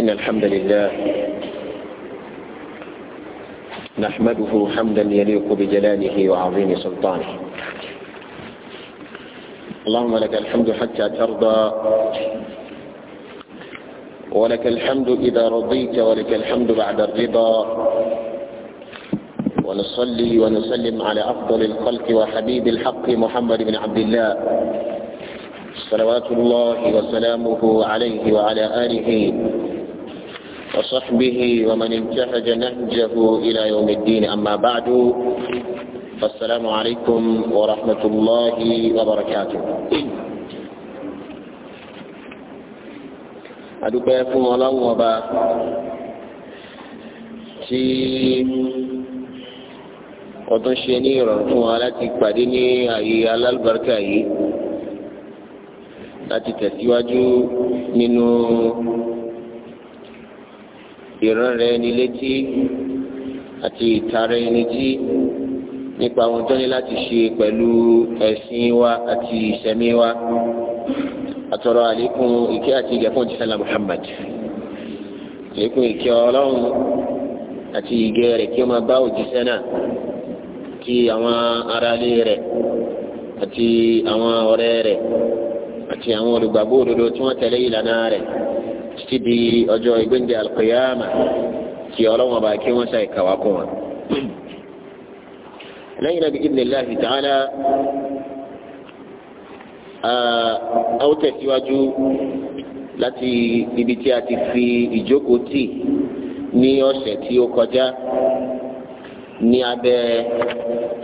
إن الحمد لله نحمده حمدا يليق بجلاله وعظيم سلطانه اللهم لك الحمد حتى ترضى ولك الحمد إذا رضيت ولك الحمد بعد الرضا ونصلي ونسلم على أفضل الخلق وحبيب الحق محمد بن عبد الله صلوات الله وسلامه عليه وعلى آله وصحبه ومن انتهج نهجه إلى يوم الدين أما بعد فالسلام عليكم ورحمة الله وبركاته adúpẹ́ fún ọlọ́run ọba tí ọdún ṣe ní ìrọ̀rùn fún wa láti pàdé ní ààyè alálùbáríkà yìí láti tẹ̀síwájú nínú ìran rẹ̀ ni létí àti ìtara ẹni tí nípa ohun tó ní láti ṣe pẹ̀lú ẹ̀sìn wa àti ìṣẹ̀mí wa àtọ̀rọ̀ àlékún ìkẹ́ àti ìgẹ̀ fún ìjísẹ́lá Muhammad àlékún ìkẹ́ ọlọ́run àti ìgẹ̀ rẹ̀ kí ó máa bá òjíṣẹ́ náà àti àwọn aráalé rẹ̀ àti àwọn ọ̀rẹ́ rẹ̀ àti àwọn olùgbàgbọ́ òdodo tí wọ́n tẹ̀lé ìlànà rẹ̀ títí di ọjọ́ ìgbéǹde alqiyama kí ọlọ́wọ́n bá kí wọ́n ṣàì kàwá kún wọn. lẹ́yìn náà bi'idhnillahi ta'ala a ó tẹ̀síwájú láti ibi tí a ti fi ìjókòó tì ní ọ̀sẹ̀ tí ó kọjá ní abẹ́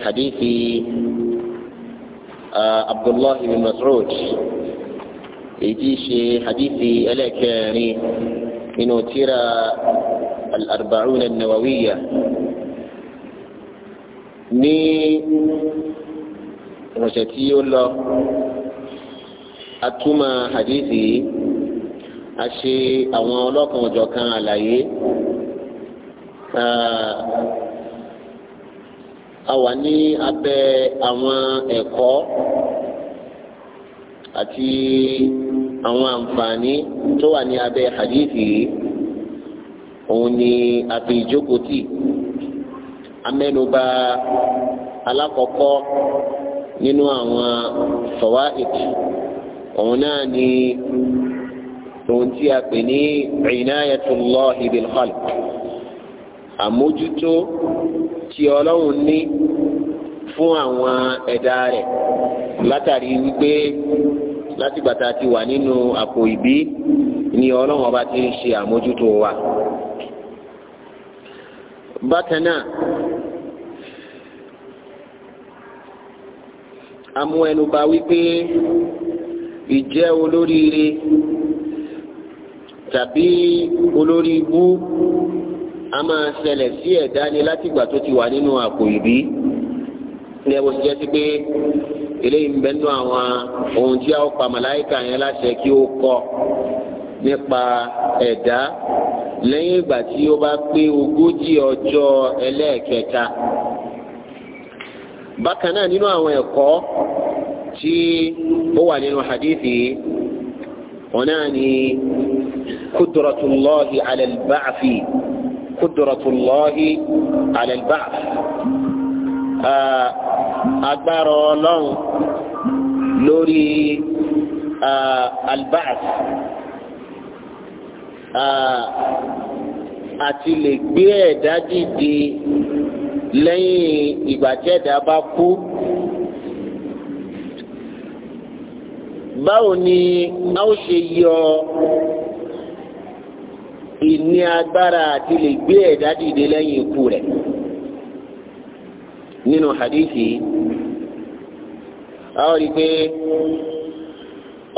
hadithi abdullahi bin mas'ud èyí ṣe hadithi ẹlẹ́kẹrin nínú tíra al-arba'un an-nawawiyya ní ọ̀sẹ̀ tí ó lọ atúmọ̀ hadithi a ṣe àwọn ọlọ́kan ọ̀jọ̀kan àlàyé a wà ní abẹ́ àwọn ẹ̀kọ́ àti àwọn àǹfààní tó wà ní abẹ́ hadithi yìí òun ni àfi ìjókòó tì amẹ́nuba alákọ̀ọ́kọ́ nínú àwọn fawaid òun náà ni ohun tí a pè ní inayatullahi bil àmójútó tí ọlọ́run ní fún àwọn ẹ̀dá rẹ̀ látàrí wípé láti gbàtà ti wà nínú àpò ìbí ni ọlọ́run ọba ti ń ṣe àmójútó wa. bákan náà amú ẹnu bà wípé ìjẹ́ olóríire tàbí olórí ibú a máa ṣẹlẹ̀ sí ẹ̀dá ni látìgbà tó ti wà nínú àpò ìbí ní ẹ̀wọ̀n ti jẹ́ sí pé eléyìí ń bẹ nínú àwọn ohun tí a ó pa màláìka yẹn láṣẹ kí ó kọ nípa ẹ̀dá lẹ́yìn ìgbà tí ó bá pé ogójì ọjọ́ ẹlẹ́ẹ̀kẹta bákan náà nínú àwọn ẹ̀kọ́ tí ó wà nínú hadithi wọn náà ni kudratullahi ala al-ba'fi agbára ọlọ́run lórí albaas àti lè gbé ẹ̀dá dìde lẹ́yìn ìgbà tí ẹ̀dá bá kú. báwo ni a ó ṣe yọ ìní agbára àti lè gbé ẹ̀dá dìde lẹ́yìn ikú rẹ̀. nínú hadithi a ó rí i pé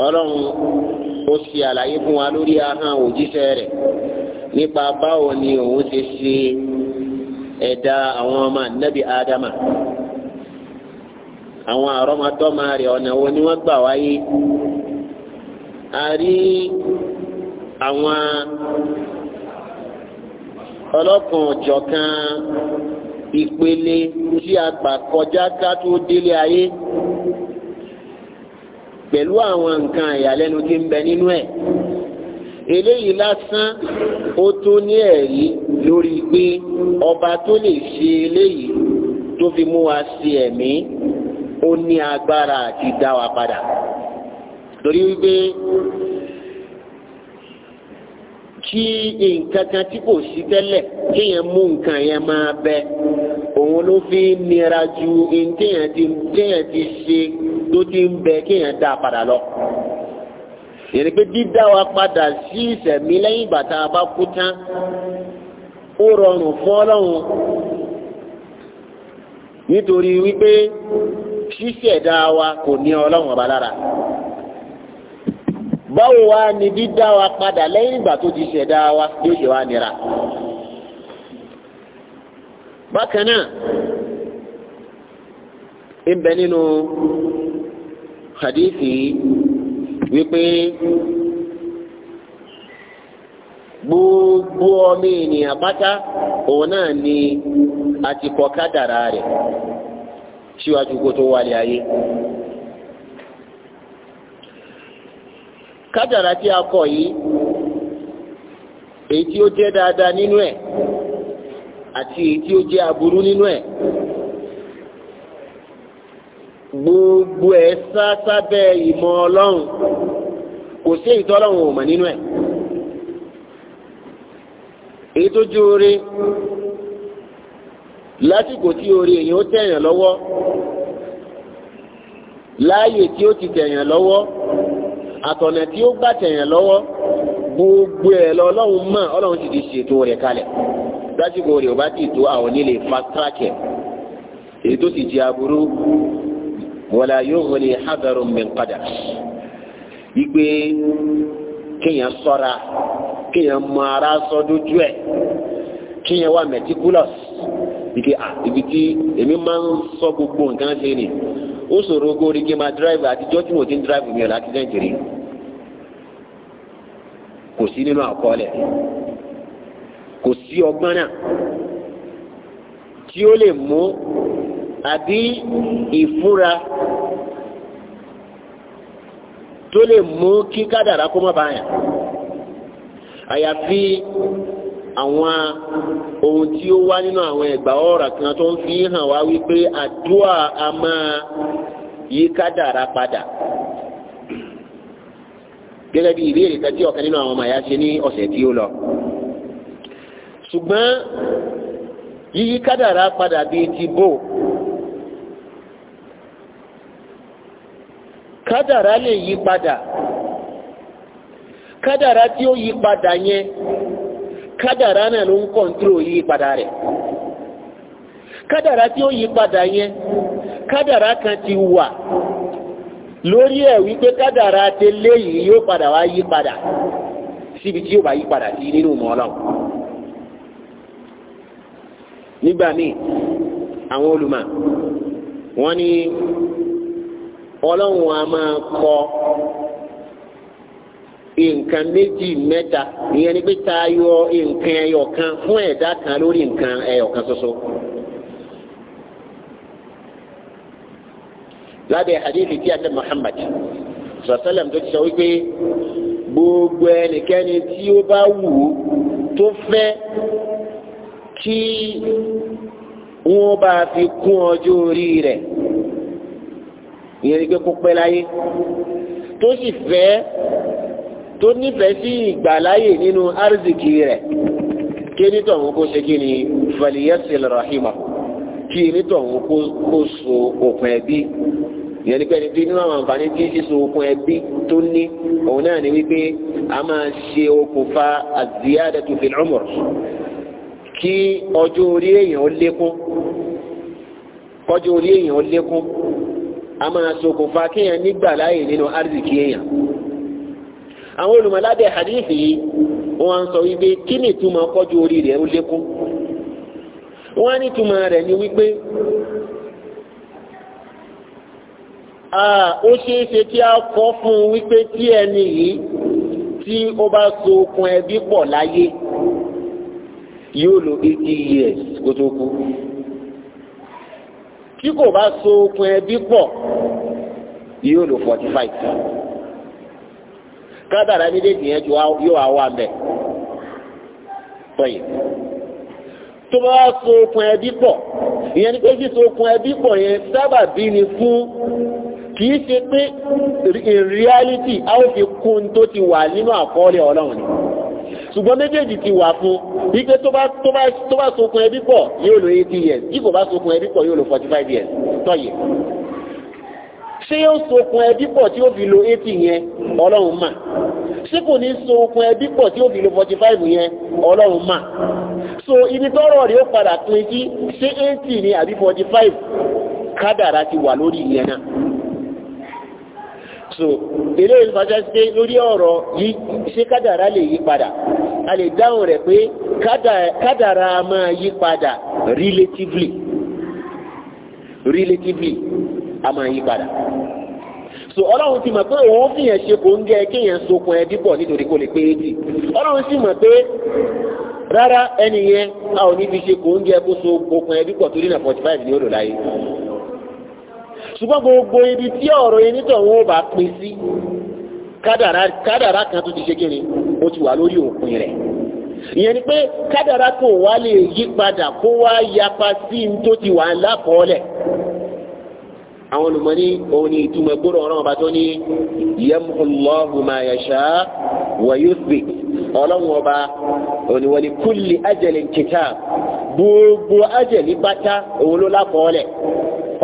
ọlọ́run ó ṣe àlàyé fún wa lórí ahọ́n òjíṣẹ́ rẹ̀ nípa báwo ni òun ṣe ṣe ẹ̀dá àwọn ọmọ nẹ́bí ádámà àwọn àrọ́mọdọ́mọ rẹ̀ ọ̀nà wo ni wọ́n gbà wáyé a rí àwọn ọlọ́kùnjọ̀kan ìpele tí a gbà kọjá ká tó délé ayé pẹ̀lú àwọn nǹkan ìyàlẹ́nu tí ń bẹ nínú ẹ̀ eléyìí lásán ó tó ní ẹ̀rí lórí pé ọba tó lè ṣe eléyìí tó fi mú wa sí ẹ̀mí ó ní agbára àti dá wa padà torí wípé kí nǹkan kan tí kò sí tẹ́lẹ̀ kéèyàn mú nǹkan yẹn máa bẹ òun ló fi ń nira ju kéèyàn ti kéèyàn ti ṣe tó ti ń bẹ kéèyàn dá padà lọ. ìrìn pé dídá wa padà sí ìṣẹ̀mí lẹ́yìn ìgbà tá a bá kú tán ó rọrùn fún ọlọ́run nítorí wípé ṣíṣẹ̀dá wa kò ní ọlọ́run ọba lára báwo wá ni dídá wa padà lẹ́yìn ìgbà tó ti ṣẹ̀dá wa yóò ṣe wá nira bákan náà ìbẹ̀ nínú hadithi wípé gbogbo ọmọ ènìyàn pátá òun náà ni àti kọ kádàrá rẹ̀ síwájú kó tó wálé ayé. kádàrá tí a kọ yìí èyí tí ó jẹ́ dáadáa nínú ẹ àti èyí tí ó jẹ aburú nínú ẹ gbogbo ẹ̀ sásábẹ́ ìmọ̀ ọlọ́run kò sí èyí tọ́lọ́run ò mọ̀ nínú ẹ èyí tó jó oore lásìkò tí oore èyí ó tẹ̀yàn lọ́wọ́ láàyè tí ó ti tẹ̀yàn lọ́wọ́. àtọ̀nà tí ó gbà tẹ̀yàn lọ́wọ́ gbogbo ẹ̀ lọ ọlọ́run mọ̀ ọlọ́run sì ti ṣètò rẹ̀ kalẹ̀ lásìkò rẹ̀ ò bá ti tó àwọn onílé fast èyí tó sì jẹ́ aburú wala yughni hadarun min qadar wípé kéèyàn sọ́ra kéèyàn mọ ara sọ dójú ẹ̀ kéèyàn wà meticulous wípé ah, ibi tí èmi máa ń sọ gbogbo nǹkan ṣe ni Usoro ṣòro kó orí drive n máa dráìvù àtijọ́ tí mo ti mi ò láti nigeria kò sí nínú àkọọ́lẹ̀ kò sí ọgbọ́n náà tí ó lè mú àbí ìfúra tó lè mú kí kádàrá kó má àwọn ohun tí ó wá nínú àwọn ẹgbà ọ̀rà kan tó ń fi hàn wá wípé àdúrà a máa yí kádàrá padà gẹ́gẹ́ bí ìbéèrè kan tí ọ̀kan nínú àwọn ọmọ àyà ṣe ní ọ̀sẹ̀ tí ó lọ ṣùgbọ́n yíyí kádàrá padà bíi ti bò kádàrá lè yí padà kádàrá tí ó yí padà yẹn kádàrá náà ló ń kọ̀ǹtúrò yípadà rẹ̀ kádàrá tí ó yípadà yẹn kádàrá kan ti wà lórí ẹ̀ wípé kádàrá tẹ́lẹ̀ yìí yóò padà wá yípadà síbi tí ó bá yípadà sí nínú ìmọ̀ ọlọ́run nígbà míì àwọn olùmọ̀ wọ́n ní ọlọ́run a máa kọ nǹkan méjì mẹ́ta ìyẹn ni pé ta yọ nǹkan ẹyọ kan fún ẹ̀dá kan lórí nǹkan ẹyọ kan ṣoṣo. lábẹ́ hadithi tí a Muhammad sọ̀sẹ́lẹ̀m tó ti sọ wípé gbogbo ẹnikẹ́ni tí ó bá wù ú tó fẹ́ kí wọ́n bá fi kún ọjọ́ orí rẹ̀ ìyẹn ni pé kó pẹ́ láyé tó sì fẹ́ tó nífẹ̀ẹ́ sí ìgbàláyè nínú arzikì rẹ̀ kí nítọ̀ òun kó ṣe kí ni faliyasil rahima kí nítọ̀ òun kó so òpin ẹbí ìyẹn ní pẹ́ni tí nínú àwọn àǹfààní tí síso okun ẹbí tó ní òun náà ni wípé a máa ṣe okùnfà az-ziyadatu fil umr kí ọjọ́ orí èèyàn lékún kọjọ́ orí èèyàn lékún a máa ṣokùnfà kéèyàn nígbà nínú arzikì èèyàn àwọn olùmọ̀lábẹ́ hadith yìí wọ́n sọ wípé kí ni ìtumọ̀ kọjú orí rẹ̀ ó lékún wọ́n ní ìtumọ̀ rẹ̀ ni wípé ó ṣeé ṣe kí a kọ́ fún wípé tí ẹni yìí tí ó bá so okùn ẹbí pọ̀ láyé yóò lo eighty kó tó kú tí kò bá so okùn ẹbí pọ̀ yóò lo forty five kádàrá méjèèjì yẹn ju yóò wá wà mbẹ tọyìn tó bá so okùn ẹbí pọ̀ ìyẹn ni pé síso okùn ẹbí pọ̀ yẹn sábà bí ni fún kìí ṣe pé in reality a ó fi kún tó ti wà nínú àkọọ́lẹ̀ ọlọ́run ni ṣùgbọ́n méjèèjì ti wà fún wípé tó bá tó bá sokùn ẹbí pọ̀ yóò lo eighty years tí kò bá sokùn ẹbí pọ̀ yóò lo forty five years tọ́yẹ̀. ṣé yóò sokun ẹbí pọ̀ tí ó fi lo eighty yẹn ọlọ́run mà ṣé kò ní sokun ẹbí pọ̀ tí ó fi lo forty five yẹn ọlọ́run mà so ibi tọrọ rẹ̀ ó padà pin sí ṣé eighty ni àbí forty five ti wà lórí ìyẹn náà so eré ìfàṣẹ́sẹ́ lórí ọ̀rọ̀ yìí ṣé kádàrá lè yí padà a lè dáhùn rẹ̀ pé kádàrá máa yí padà relatively a máa yí padà so ọlọ́run ti mọ̀ pé òun fìyàn ṣe kò ń gẹ kéèyàn sokun ẹbí pọ̀ nítorí kò lè pé ọlọ́run sì mọ̀ pé rárá ẹni yẹn a ò ní ṣe kò ń gẹ kó so five ni ó láyé ṣùgbọ́n gbogbo ibi tí ọ̀rọ̀ yẹn nítorí wọn ò bá pín sí kan tó ti ṣe kíni ti wà lórí òpin rẹ̀ ìyẹn ni pé kádàrá kò wá lè yí padà kó wá yapa sí tó ti wà lápọ̀ọ́lẹ̀ àwọn olùmọ̀ní òun ni ìtumọ̀ gbọ́dọ̀ ọ̀rọ̀ ọba tó ní yamhullahu ma yasha wa yuthbit ọlọ́run ọba òun ni wa li kulli ajalin kitab gbogbo ajẹ̀lí pátá òun ló lákọọ́lẹ̀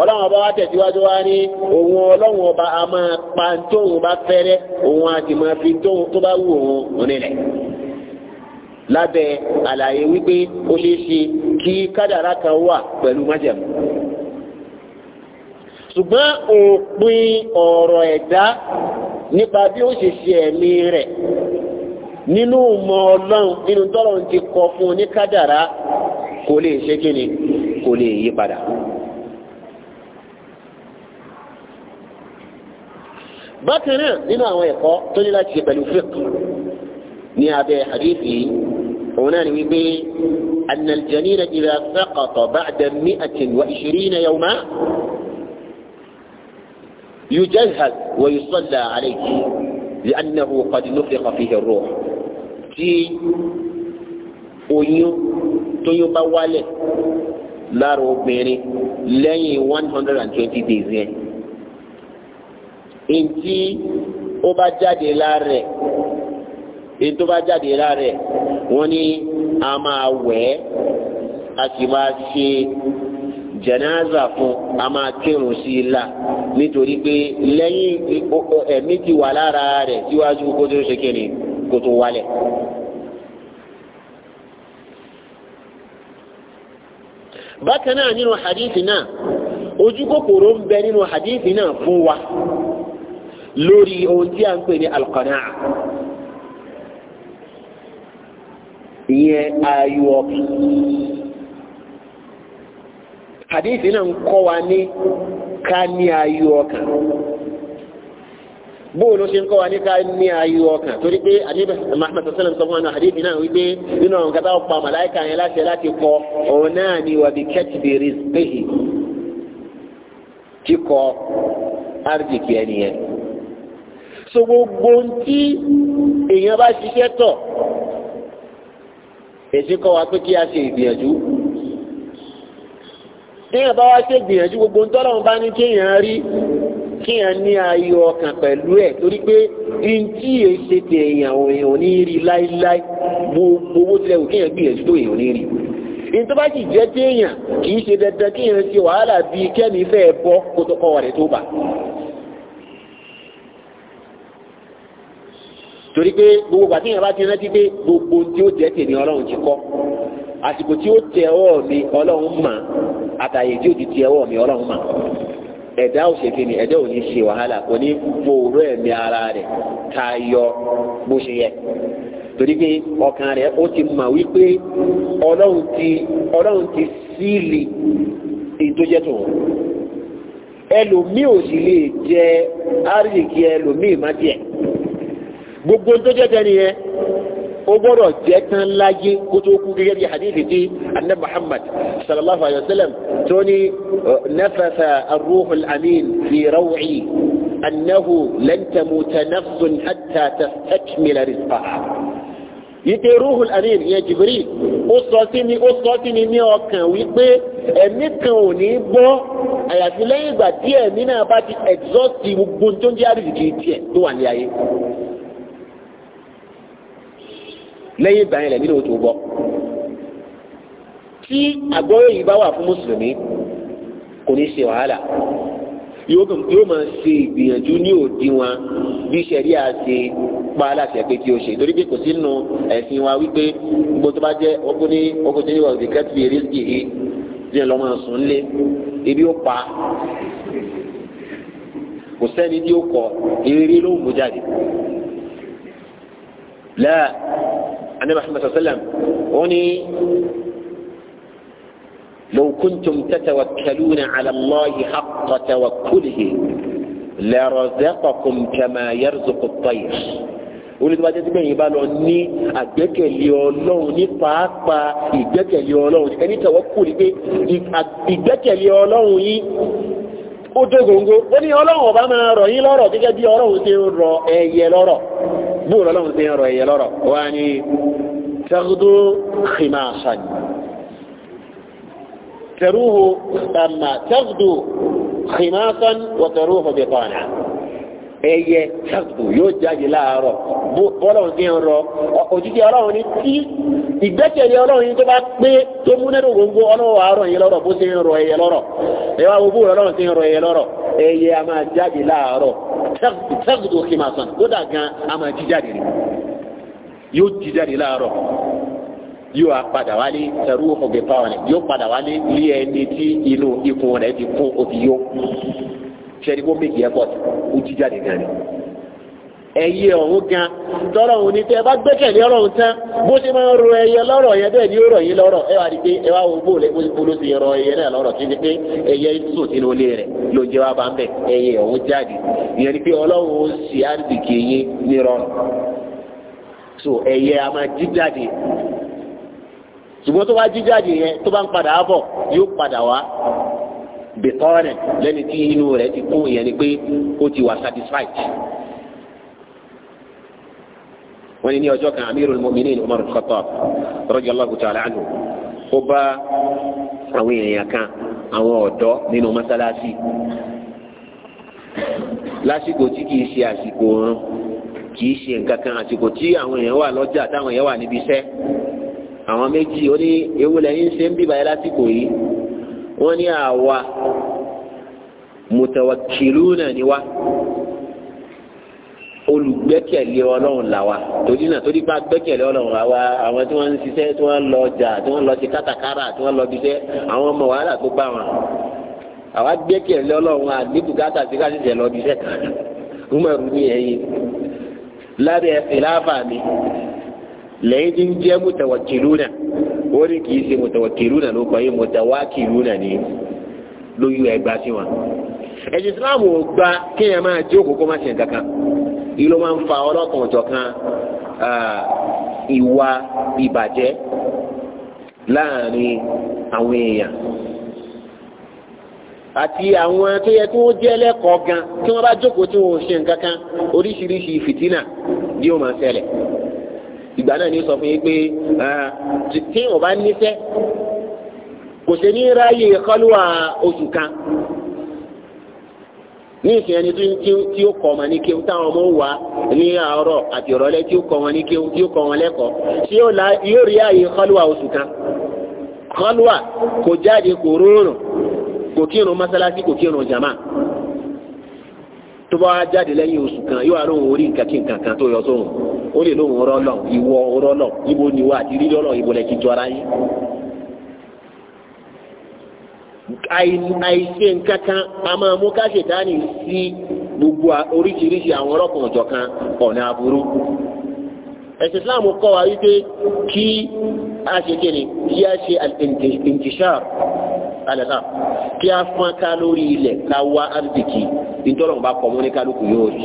ọlọ́run ọba wa tẹ̀síwájú wa ní òun ọlọ́run ọba a máa pa tóun bá fẹ́rẹ́ òun a máa fi tóun tó bá wù òun nílẹ̀ lábẹ́ àlàyé wípé ó ṣeé ṣe kí kádàrá kan wà pẹ̀lú májẹ̀mú ṣùgbọ́n òpin ọ̀rọ̀ ẹ̀dá nípa bí ó ṣe ṣe ẹ̀mí rẹ̀ nínú mọ ọlọ́run nínú tọ́lọ́run ti kọ fún ní kádàrá kò lè ṣe kí ni kò lè yí padà. bákan náà nínú àwọn ẹ̀kọ́ tó ní láti ṣe pẹ̀lú fíkì ní abẹ́ hadithi òun náà ni wípé annaljanina idha saqata ba'da mi'atin wa ishirina yawma. يجهز ويصلى عليه لأنه قد نفخ فيه الروح tí oyún tóyún bá wálẹ̀ lára obìnrin lẹ́yìn one hundred and twenty days yẹn ntí ó bá jáde lára rẹ̀ ntí ó bá jáde lára rẹ̀ wọ́n ní a máa wẹ̀ ẹ́ a sì máa ṣe jẹnáza fún a máa kírun sí la nítorí pé ti wà lára síwájú kó tó ṣe kó tó bákan náà nínú náà ń bẹ nínú wa lórí ohun tí a ń pè ní hadithi náà ń kọ́ wa ní ká ní ayọ̀ ọkàn bóòlù ṣe ń kọ́ wa ní ká ní ayọ̀ ọkàn torí pé àdébẹ Muhammad sallam sọ fún wa náà hadithi náà wípé nínú àwọn kata ọ̀pá màláìka yẹn láti láti kọ òun náà ni wàbí kẹ́tìbì rìsípéhì kíkọ arzikì ẹni yẹn so gbogbo tí èèyàn bá ṣiṣẹ́ tọ̀ èsì kọ́ wa pé kí a ṣe ìgbìyànjú téèyàn bá wá ṣe gbìyànjú gbogbo ń tọ́lọ́run bá ní kéèyàn rí kéèyàn ní ayọ̀ ọkàn pẹ̀lú ẹ̀ torí pé ntí èsè tèèyàn òyìn òní rí láíláí gbogbo owó tilẹ̀ kò kéèyàn gbìyànjú tó èèyàn òní rí nítorí bá sì jẹ́ téèyàn kì í ṣe dandan kéèyàn ṣe wàhálà bíi kẹ́mi fẹ́ bọ́ kó tó kọ́ rẹ̀ tó bà. torí pé gbogbo pàtíyàn bá ti rántí pé gbogbo tí ó jẹ́ tèmi ọlọ́run ti kọ́ àsìkò tí ó tẹ ọwọ́ mi ọlọ́run mà àtàyè tí ó ti tẹ ọwọ́ mi ọlọ́run mà ẹ̀dá òṣèké ni ẹ̀dá ò ní ṣe wàhálà kò ní ara rẹ̀ ká yọ bó ṣe yẹ torí pé ọkàn rẹ̀ ti mà wípé ọlọ́run ti ọlọ́run ti ẹlòmíì ò sì lè jẹ gbogbo ó gbọ́dọ̀ jẹ́ tán láyé kó tó kú gẹ́gẹ́ bí hadith ti annabi muhammad sallallahu alayhi wa sallam tó ní nafatha arruhul amin fi raw'i annahu lan tamuta nafsun hatta tastakmila rizqaha yìí ruhul amin yẹn jibril ó sọ sí mi ó sọ sí mi ní ọkàn wípé ẹ̀mí kan ò ní bọ́ àyàfi lẹ́yìn ìgbà tí ẹ̀mí náà bá ti exhaust gbogbo tó ń jẹ́ àrídìkì tiẹ̀ tó wà ní ayé lẹ́yìn ìgbà yẹn lẹ́ni ló tó gbọ́ tí àgbọ́yé yìí bá wà fún mùsùlùmí kò ní ṣe wàhálà yóò máa ṣe ìgbìyànjú ní òdiwọ̀n bí sẹ́rí àti pa aláṣẹ pé kí o ṣe torí pé kò sí nù ẹ̀sìn wa wípé gbogbo tó bá jẹ́ ọkùn ní ọkùn ní wà òdì kẹ́tù yẹrí sí i ní ọlọ́mọ sùn lé ebi ó pa kò sẹ́ni tí ó kọ ìrírí ló ń mú anabi ahmed sallam wọ́n ní law kuntum tatawakkaluna ala allahi haqqa tawakkulihi larazaqakum kama yarzuqu at-tayr olùdíwájú tí bẹ́ẹ̀ yìí bá lọ ní àgbẹ́kẹ̀lé ọlọ́run ní pàápàá ìgbẹ́kẹ̀lé ọlọ́run ẹni tẹ̀wọ́ kù ní pé ìgbẹ́kẹ̀lé ó dógóńgó ó ní ọlọ́run ọba máa rọ̀ yín lọ́rọ̀ gẹ́gẹ́ bí ọlọ́run ti rọ ẹyẹ lọ́rọ̀ bóòlù ọlọ́run ti ń rọ ẹ̀yẹ lọ́rọ̀ wá ní tẹ́gùdó khimasan tẹ̀rúhu ẹ̀mà tẹ́gùdó khimasan wọ tẹ̀rúhu bìtọ́nà ẹ̀yẹ tẹ́gùdó yóò jáde láàárọ̀ bọ́ọ̀lù ti ń rọ òjijì ọlọ́run ní tí ìgbẹ́kẹ̀lé ọlọ́run yìí tó bá pé tó múnádó gbogbo ọlọ́run àárọ̀ yìí lọ́rọ̀ bó ti ń rọ ẹ̀yẹ lọ́rọ̀ ẹ̀wá gbogbo ọlọ́run ti ń rọ ẹ̀yẹ lọ́rọ̀ ẹyẹ a máa jáde láàárọ̀ tẹ́gùdù kì máa sàn kódà gan a máa jí jáde rẹ̀ yóò jí jáde láàárọ̀ yóò a padà wálé ẹrú òfògbè pàwọn rẹ̀ yóò padà wálé lé ẹni tí inú ikùn rẹ̀ ti kún òbí yó ṣẹ́ni bó méjì airport ó jí jáde gan rẹ̀ ẹyẹ ọ̀hún gan tọ́rọ̀ òun ni tẹ́ bá gbẹ́kẹ̀lé ọ̀rọ̀ òun tán bó ṣe máa ń ro ẹyẹ lọ́rọ̀ yẹn bẹ́ẹ̀ ni ó rọ̀ yín lọ́rọ̀ ẹ wá rí pé ẹ wá wo bóòlù olú ti rọ ẹyẹ náà lọ́rọ̀ kí ni pé ẹyẹ sùn sínú ilé rẹ̀ ló jẹ́ wá bá ń bẹ̀ ẹyẹ ọ̀hún jáde ìyẹn ni pé ọlọ́run ó sì á dìkì yín ní rọrùn so ẹyẹ a máa jí jáde ṣùgbọ́n tó bá jí jáde yẹn tó bá ń padà bọ̀ yóò padà wá bìtọ́rẹ̀ lẹ́ni tí inú rẹ̀ ti kún ìyẹn ni pé ó ti wà satisfied wọ́n ní ọjọ́ kan amirul mu'minin umar khattab radiyallahu ta'ala anhu ó bá àwọn èèyàn kan àwọn ọ̀dọ́ nínú mọ́sálásí lásìkò tí kìí ṣe àsìkò oorun kìí ṣe nǹkan kan àsìkò tí àwọn èèyàn wà lọ́jà táwọn èèyàn wà níbi iṣẹ́ àwọn méjì ó ní ewu lẹ́yìn ṣe ń bíbáyé lásìkò yìí wọ́n ní àwa mutawakiluna ni wa olùgbẹ́kẹ̀lé ọlọ́run là wa torí náà torí bá gbẹ́kẹ̀lé ọlọ́run là wa àwọn tí wọ́n ń ṣiṣẹ́ tí wọ́n ń lọ ọjà tí wọ́n ń lọ sí kátàkárà tí wọ́n ń lọ bíṣẹ́ àwọn ọmọ wàhálà tó bá wọn. àwa gbẹ́kẹ̀lé ọlọ́run àdébùkátà sí káṣíṣẹ́ lọ bíṣẹ́ kan umaru ní ẹ̀yìn lábẹ́ ìlàfà mi lẹ́yìn tí ń jẹ́ mùtàwàkìlúnà ó ní kì í ṣe mùtàwàkìlúnà ló kọ́ yé mùtàwàkìlúnà ní lóyún ẹgbàá sí wọn. ẹ̀sìn Islam ò gba kéèyàn máa jókòó kó má ṣe nǹkan kan èyí ló máa ń fa ọlọ́kan ọ̀jọ̀kan ìwà ìbàjẹ́ láàrin àwọn èèyàn àti àwọn tó yẹ kí wọ́n jẹ́ lẹ́kọ̀ọ́ gan tí wọ́n bá jókòó tí wọ́n ò ṣe nǹkan kan oríṣiríṣi fìtínà bí ó máa ṣẹlẹ̀ ìgbà náà ní sọ fún yín pé tí wọ́n bá níṣẹ́ kò ṣe ní ráyè kọ́lùwà oṣù kan ní ìsìn ẹni tí ó kọ́ ọmọ ní kéwú táwọn ọmọ wà ní àárọ̀ àti ìrọ̀lẹ́ tí ó kọ́ wọn ní kéwú tí ó kọ́ wọn lẹ́kọ̀ọ́ tí yóò rí ààyè kọ́lùwà oṣù kan kọ́lùwà kò jáde kò rọrùn kò kírun mọ́sálásí kò kírun jàmá tó bá jáde lẹ́yìn oṣù kan yóò wá orí nǹkan nǹkan tó yọ sóhùn ó lè lóhùn rọ́lọ̀ ìwọ rọ́lọ̀ ibo ni wà àti rí lọ́lọ̀ ibo lẹ́ àìṣe nǹkan kan a máa mú ká ṣètánì sí gbogbo oríṣiríṣi àwọn ọlọ́kùnrin ọ̀jọ̀kan ọ̀nà aburú ẹ̀sìn islam kọ́ wa wípé kí a ṣe kéde kí a ṣe al-intishar alẹ́sà kí a fọ́n ká lórí ilẹ̀ ká wá arzikì nítorọ̀ bá kọ̀ mọ́ ní kálukú yóò rí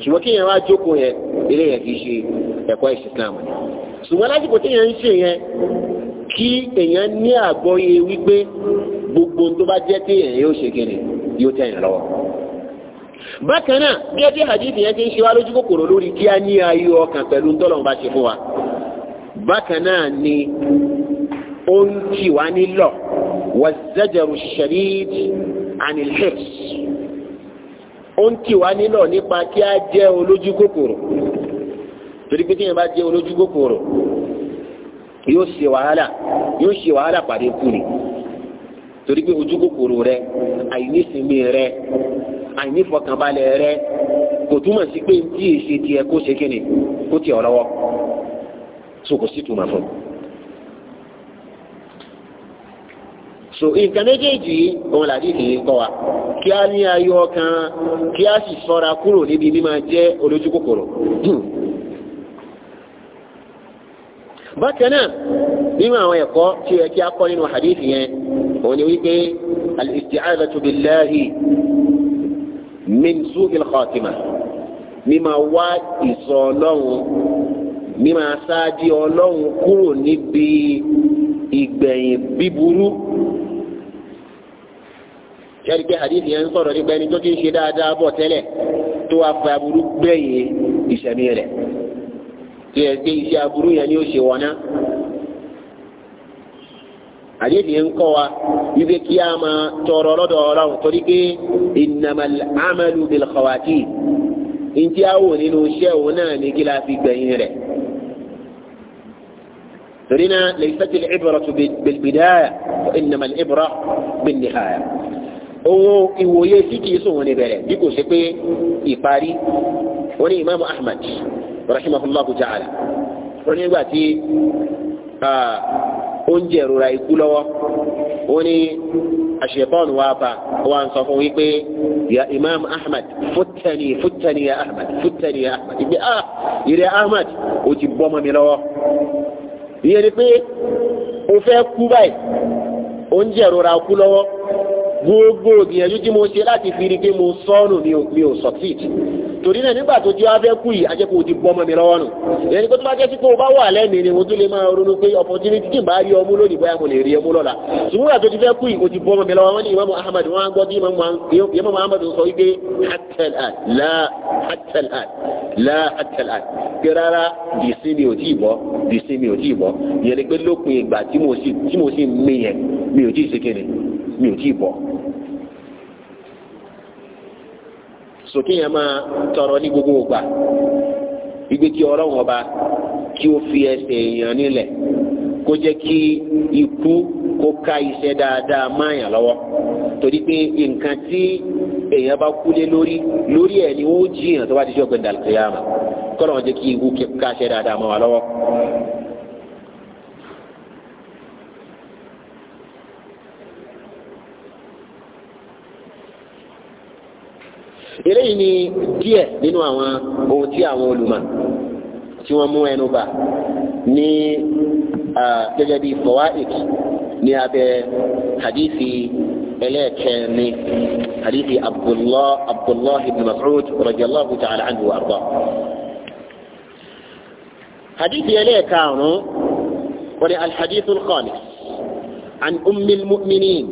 ṣùgbọ́n kí yẹn wá jókòó yẹn eré yẹn kì ṣe ẹ̀kọ́ ẹ̀sìn islam ṣùgbọ́n lásìkò tí yẹn ń ṣe yẹn kí èèyàn ní àgbọ́yé wípé gbogbo tó bá jẹ́ tí èèyàn yóò ṣe kiri yóò tẹ̀ yín lọ́wọ́. bákan náà bí ẹbí hadith yẹn ti ń ṣe wá lójú kòkòrò lórí kí á ní ayé ọkàn pẹ̀lú tọ́lọ̀ bá ṣe fún wa bákan náà ni ó ń tì wá nílọ̀ wà zajaru shadid anil hirs ó ń tì wá nílọ̀ nípa kí á jẹ́ olójú kòkòrò torí pé bá jẹ́ olójú kòkòrò yóò ṣe wàhálà yóò ṣe wàhálà pàdé kú torí pé ojú kòkòrò rẹ àìnísinmi rẹ àìnífọkànbalẹ̀ rẹ kò túmọ̀ sí pé tí èsì tiẹ̀ kó ṣe kíni kó tiẹ̀ lọ́wọ́ so kò sí túmọ̀ fún un. so nǹkan méjèèjì òun làdí ìdí kọ́ wa kí a ní ayọ̀ ọkàn kí a sì sọ́ra kúrò níbi mímọ̀ jẹ́ olójú kòkòrò bákan náà nínú àwọn ẹ̀kọ́ tí ó yẹ kí a kọ́ nínú hadith yẹn òun ni wípé al-isti'adatu billahi min su'il khatima mímà wá ìsọ ọlọ́run mímà sáájú ọlọ́run kúrò níbi ìgbẹ̀yìn bíburú yẹ́nì pé hadith yẹn ń sọ̀rọ̀ nípa ẹni tó ti ń ṣe dáadáa bọ̀ tẹ́lẹ̀ tó wá fa aburú gbẹ̀yìn ìṣẹ̀mí rẹ̀ tó yẹ pé iṣẹ́ aburú yẹn ni ó ṣe wọ́n àdéhìí ń kọ́ wa wípé kí a máa tọrọ lọ́dọ̀ ọlọ́run torí pé innamal amalu bil khawatim ntí a wò nínú iṣẹ́ òun náà ní kí la fi gbẹ̀yìn rẹ̀ torí náà laysat al-ibratu bil bidaya wa innamal ibra bin nihaya owó ìwòye tí kìí sòwò ní bẹ̀rẹ̀ bí kò ṣe pé ìparí wọ́n ahmad rahimahullahu ta'ala wọ́n nígbà tí ah, ó ń jẹ ìrora ikú lọ́wọ́ ó ní àṣetán wa bá wa ń sọ fún wípé ya imam ahmed fúttani fúttani ya ahmed fúttani ya ahmed ìgbé ah ìrẹ ahmed ó ti bọ́ mọ́ mi lọ́wọ́ ìyẹn ni pé ó fẹ́ kú báyìí ó ìrora ikú lọ́wọ́ gbogbo ìgbìyànjú tí mo ṣe láti fi rí pé mo sọnù mi ò succeed torí náà nígbà tó jẹ́ abẹ́ kú yìí ajẹ́kù ti bọ́ mọ́ mi lọ́wọ́ nù ẹni kó tó bá jẹ́ sí pé o bá wà lẹ́mìí ni mo tún lè máa ronú pé opportunity tí n bá rí ọmú lónìí bóyá mo lè rí ọmú lọ́la ṣùgbọ́n àti ti fẹ́ kú yìí o ti bọ́ mọ́ mi lọ́wọ́ wọn ni Imam Ahmad wọn á gbọ́ tí Imam Ahmad sọ wípé hatalan la hatalan la hatalan pé rárá dìsí mi ò tí ì bọ́ dìsí mi ò tí ì bọ́ ni mi ò tí ì bọ̀. sòkè yẹn máa tọrọ ní gbogbo ògbà igbe kí ọlọ́run ọba kí ó fi ẹsẹ̀ èèyàn nílẹ̀ kó jẹ́ kí ikú kó ká iṣẹ́ dáadáa máyàn lọ́wọ́ torí pé nǹkan tí èèyàn bá kú lé lórí lórí ẹ̀ ni ó jiyàn tó bá ti jọ́ gbẹ̀dàlùkẹ́yàmà kọ́ lọ́n jẹ́ kí ikú ká iṣẹ́ dáadáa máa wà lọ́wọ́. eléyìí ni díẹ̀ nínú àwọn ohun tí àwọn olùmọ̀ tí wọ́n mú ẹnu bà ní gẹ́gẹ́ bíi fawaid ní abẹ́ hadithi ẹlẹ́ẹ̀kẹ́ni hadithi abdullah abdullah ibn mas'ud radiyallahu ta'ala anhu wa arda. hadithi ẹlẹ́ẹ̀karùn-ún wọ́n ni alhadithu al-khamis عن أم المؤمنين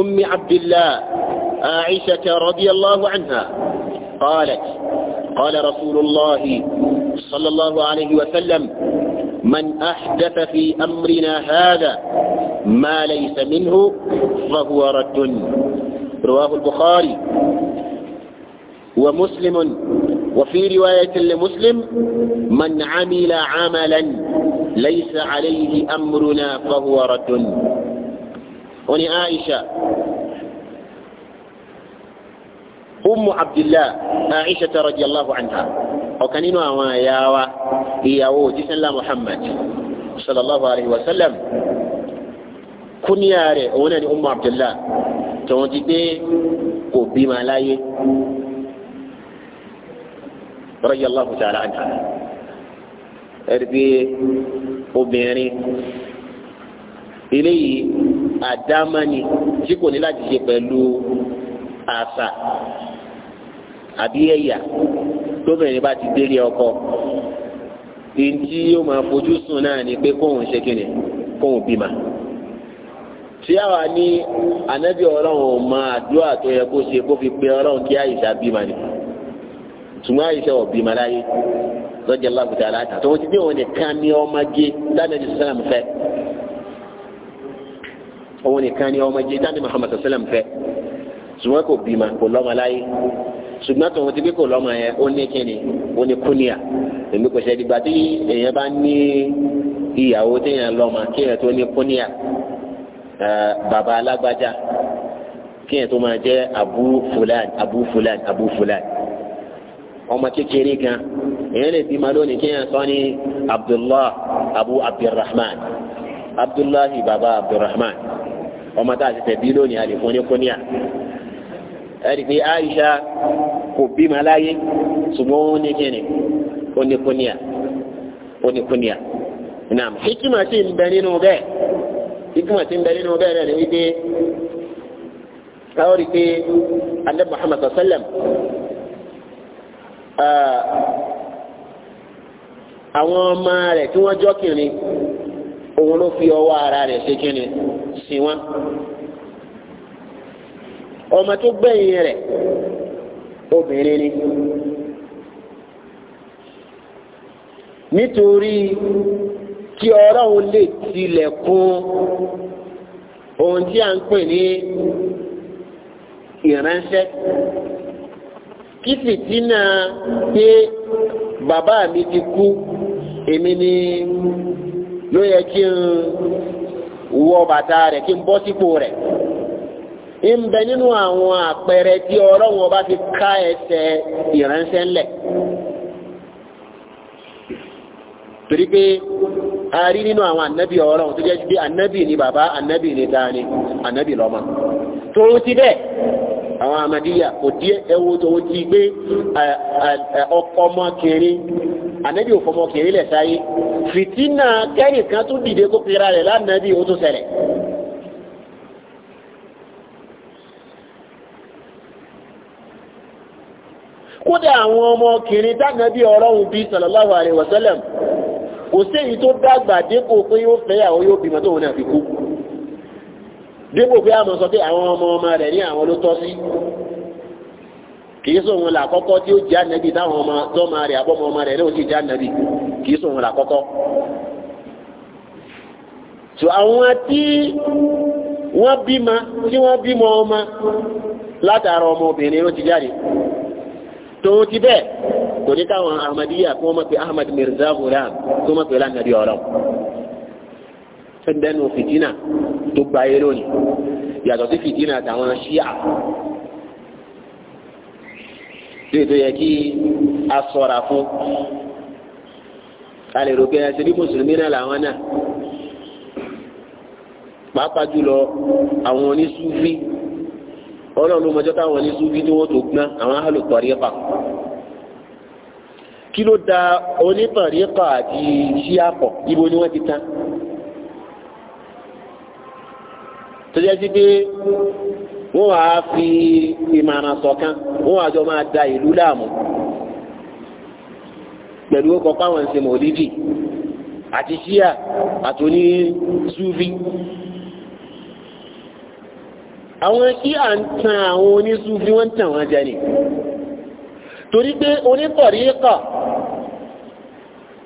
أم عائشة رضي الله عنها قالت قال رسول الله صلى الله عليه وسلم من أحدث في أمرنا هذا ما ليس منه فهو رد رواه البخاري ومسلم وفي رواية لمسلم من عمل عملا ليس عليه أمرنا فهو رد وني عائشة ummu abdillah aisha radiyallahu anha ọ̀kan nínú àwọn àyàwá ìyàwó jísẹ́lá muhammad sallallahu alayhi wa sallam kúníyà rẹ̀ òun náà ni ummu abdillah tòun ti gbé kò bímọ láyé radiyallahu ta'ala anha ẹ̀rí obìnrin eléyìí àdámání tí kò ní láti ṣe pẹ̀lú àṣà àbí ẹ̀yà tóbìnrin bá ti délé ọkọ ntí yóò máa fojú sùn náà ni pé kóun ṣe kíni kóun bímọ tí a wà ní anabi ọlọ́run mọ àdúrà tó yẹ kó ṣe kó fi pe ọlọ́run kí àyíṣà bímọ ni ṣùgbọ́n àyíṣà ò bímọ láyé lọ́jà lágùtà aláta tó wọ́n ti dé wọn nìkan ní ọmọge dánilẹ́jì sálàm fẹ́ òun nìkan ní ọmọge dánilẹ́jì sálàm fẹ́ ṣùgbọ́n kò bímọ kò lọ́mọ láyé ṣùgbọ́n tòun ti pé kò lọ́mọ yẹn ó ní kíni ó ní kúnìyà èmi kò ṣe dìgbà tí èèyàn bá ní ìyàwó téèyàn lọ́mọ kéèyàn tó ní kúnìyà bàbá alágbájá kéèyàn tó máa jẹ́ abu fulan abu fulan abu fulan ọmọ kékeré kan èèyàn lè bímọ lónìí kéèyàn sọ ní abdullah abu abdulrahman abdullahi baba abdulrahman ọmọ tá a ti tẹ̀ bí lónìí àlè fún ní kúnìyà ẹ̀rí pé Aisha kò bímọ láyé ṣùgbọ́n ó ní kíni ó ní kúnìyà ó ní kúnìyà naam hikima ti ń bẹ nínú bẹ́ẹ̀ hikima ti ń bẹ nínú bẹ́ẹ̀ rẹ̀ ni wípé káwọ́ rí pé alẹ́ Muhammad sallam àwọn ọmọ rẹ̀ tí wọ́n jọ́ kìnrin òun ló fi ọwọ́ ara rẹ̀ ṣe kìnrin sí wọn ọmọ tó gbẹ̀yìn rẹ̀ obìnrin ni nítorí kí ọlọ́run lè tilẹ̀kùn ohun tí a ń pè ní ìránṣẹ́ kí fìtínà pé bàbá mi ti kú èmi ni ló yẹ kí n wọ bàtà rẹ̀ kí n bọ́ sípò rẹ̀ ń bẹ nínú àwọn àpẹẹrẹ tí ọlọ́run ọba fi ká ẹsẹ̀ ìránṣẹ́ ńlẹ̀ torí pé a rí nínú àwọn ànábì ọlọ́run tó jẹ́ pé ànábì ni bàbá ànábì ni dání ànábì lọ́mọ tó ti bẹ́ẹ̀ àwọn amadíyà kò díẹ̀ ẹwọ tó ti gbé ọkọmọkìnrin ànábì òfọmọkìnrin lẹ̀ sáyé fìtínà kẹ́nìkan tó dìde kó pera rẹ̀ lánàbì ó tó ṣẹlẹ̀ kódà àwọn ọmọkùnrin tánàbí ọlọ́run bí sallallahu alaihi wasallam kò sí èyí tó dàgbà dépò pé yóò fẹ́yàwó yóò bímọ tóun náà fi dépò pé àmọ́ sọ pé àwọn ọmọ ọmọ rẹ̀ ní àwọn ló tọ́ sí kìí sóhun là tí ó jẹ́ táwọn ọmọ tọ́mọ tó ti bẹ́ẹ̀ kò ní káwọn ahmadiyya kó mọ̀ pé ahmad mirza gulam kó mọ̀ pé lánàá di ọ̀rọ̀ fẹ́ndẹ́nu fìtínà tó gbayé lónìí yàtọ̀ sí fìtínà àtàwọn ṣíà tí tó yẹ kí a sọ̀ra fún a lè rò pé ẹsẹ̀ bí mùsùlùmí náà làwọn náà pàápàá jùlọ àwọn onísúfí ọlọ́run mọjọ́ táwọn ní súnfí tí wọ́n tó gbọ́n àwọn ahàlù kí ló da onítọ̀ríkà àti ṣíàpọ̀ ibo ni wọ́n ti tán tó jẹ́ sí pé wọ́n wàá fi ìmọ̀ràn ṣọ̀kan wọ́n wàá jọ máa da ìlú láàmú pẹ̀lú ọkọ̀ páwọn ìsìn mọ̀lídì àti ṣíà àtòní súnfí àwọn kí à ń tan àwọn onísúfí wọ́n tàn wọ́n jẹ ni torí pé onítọ̀ríkà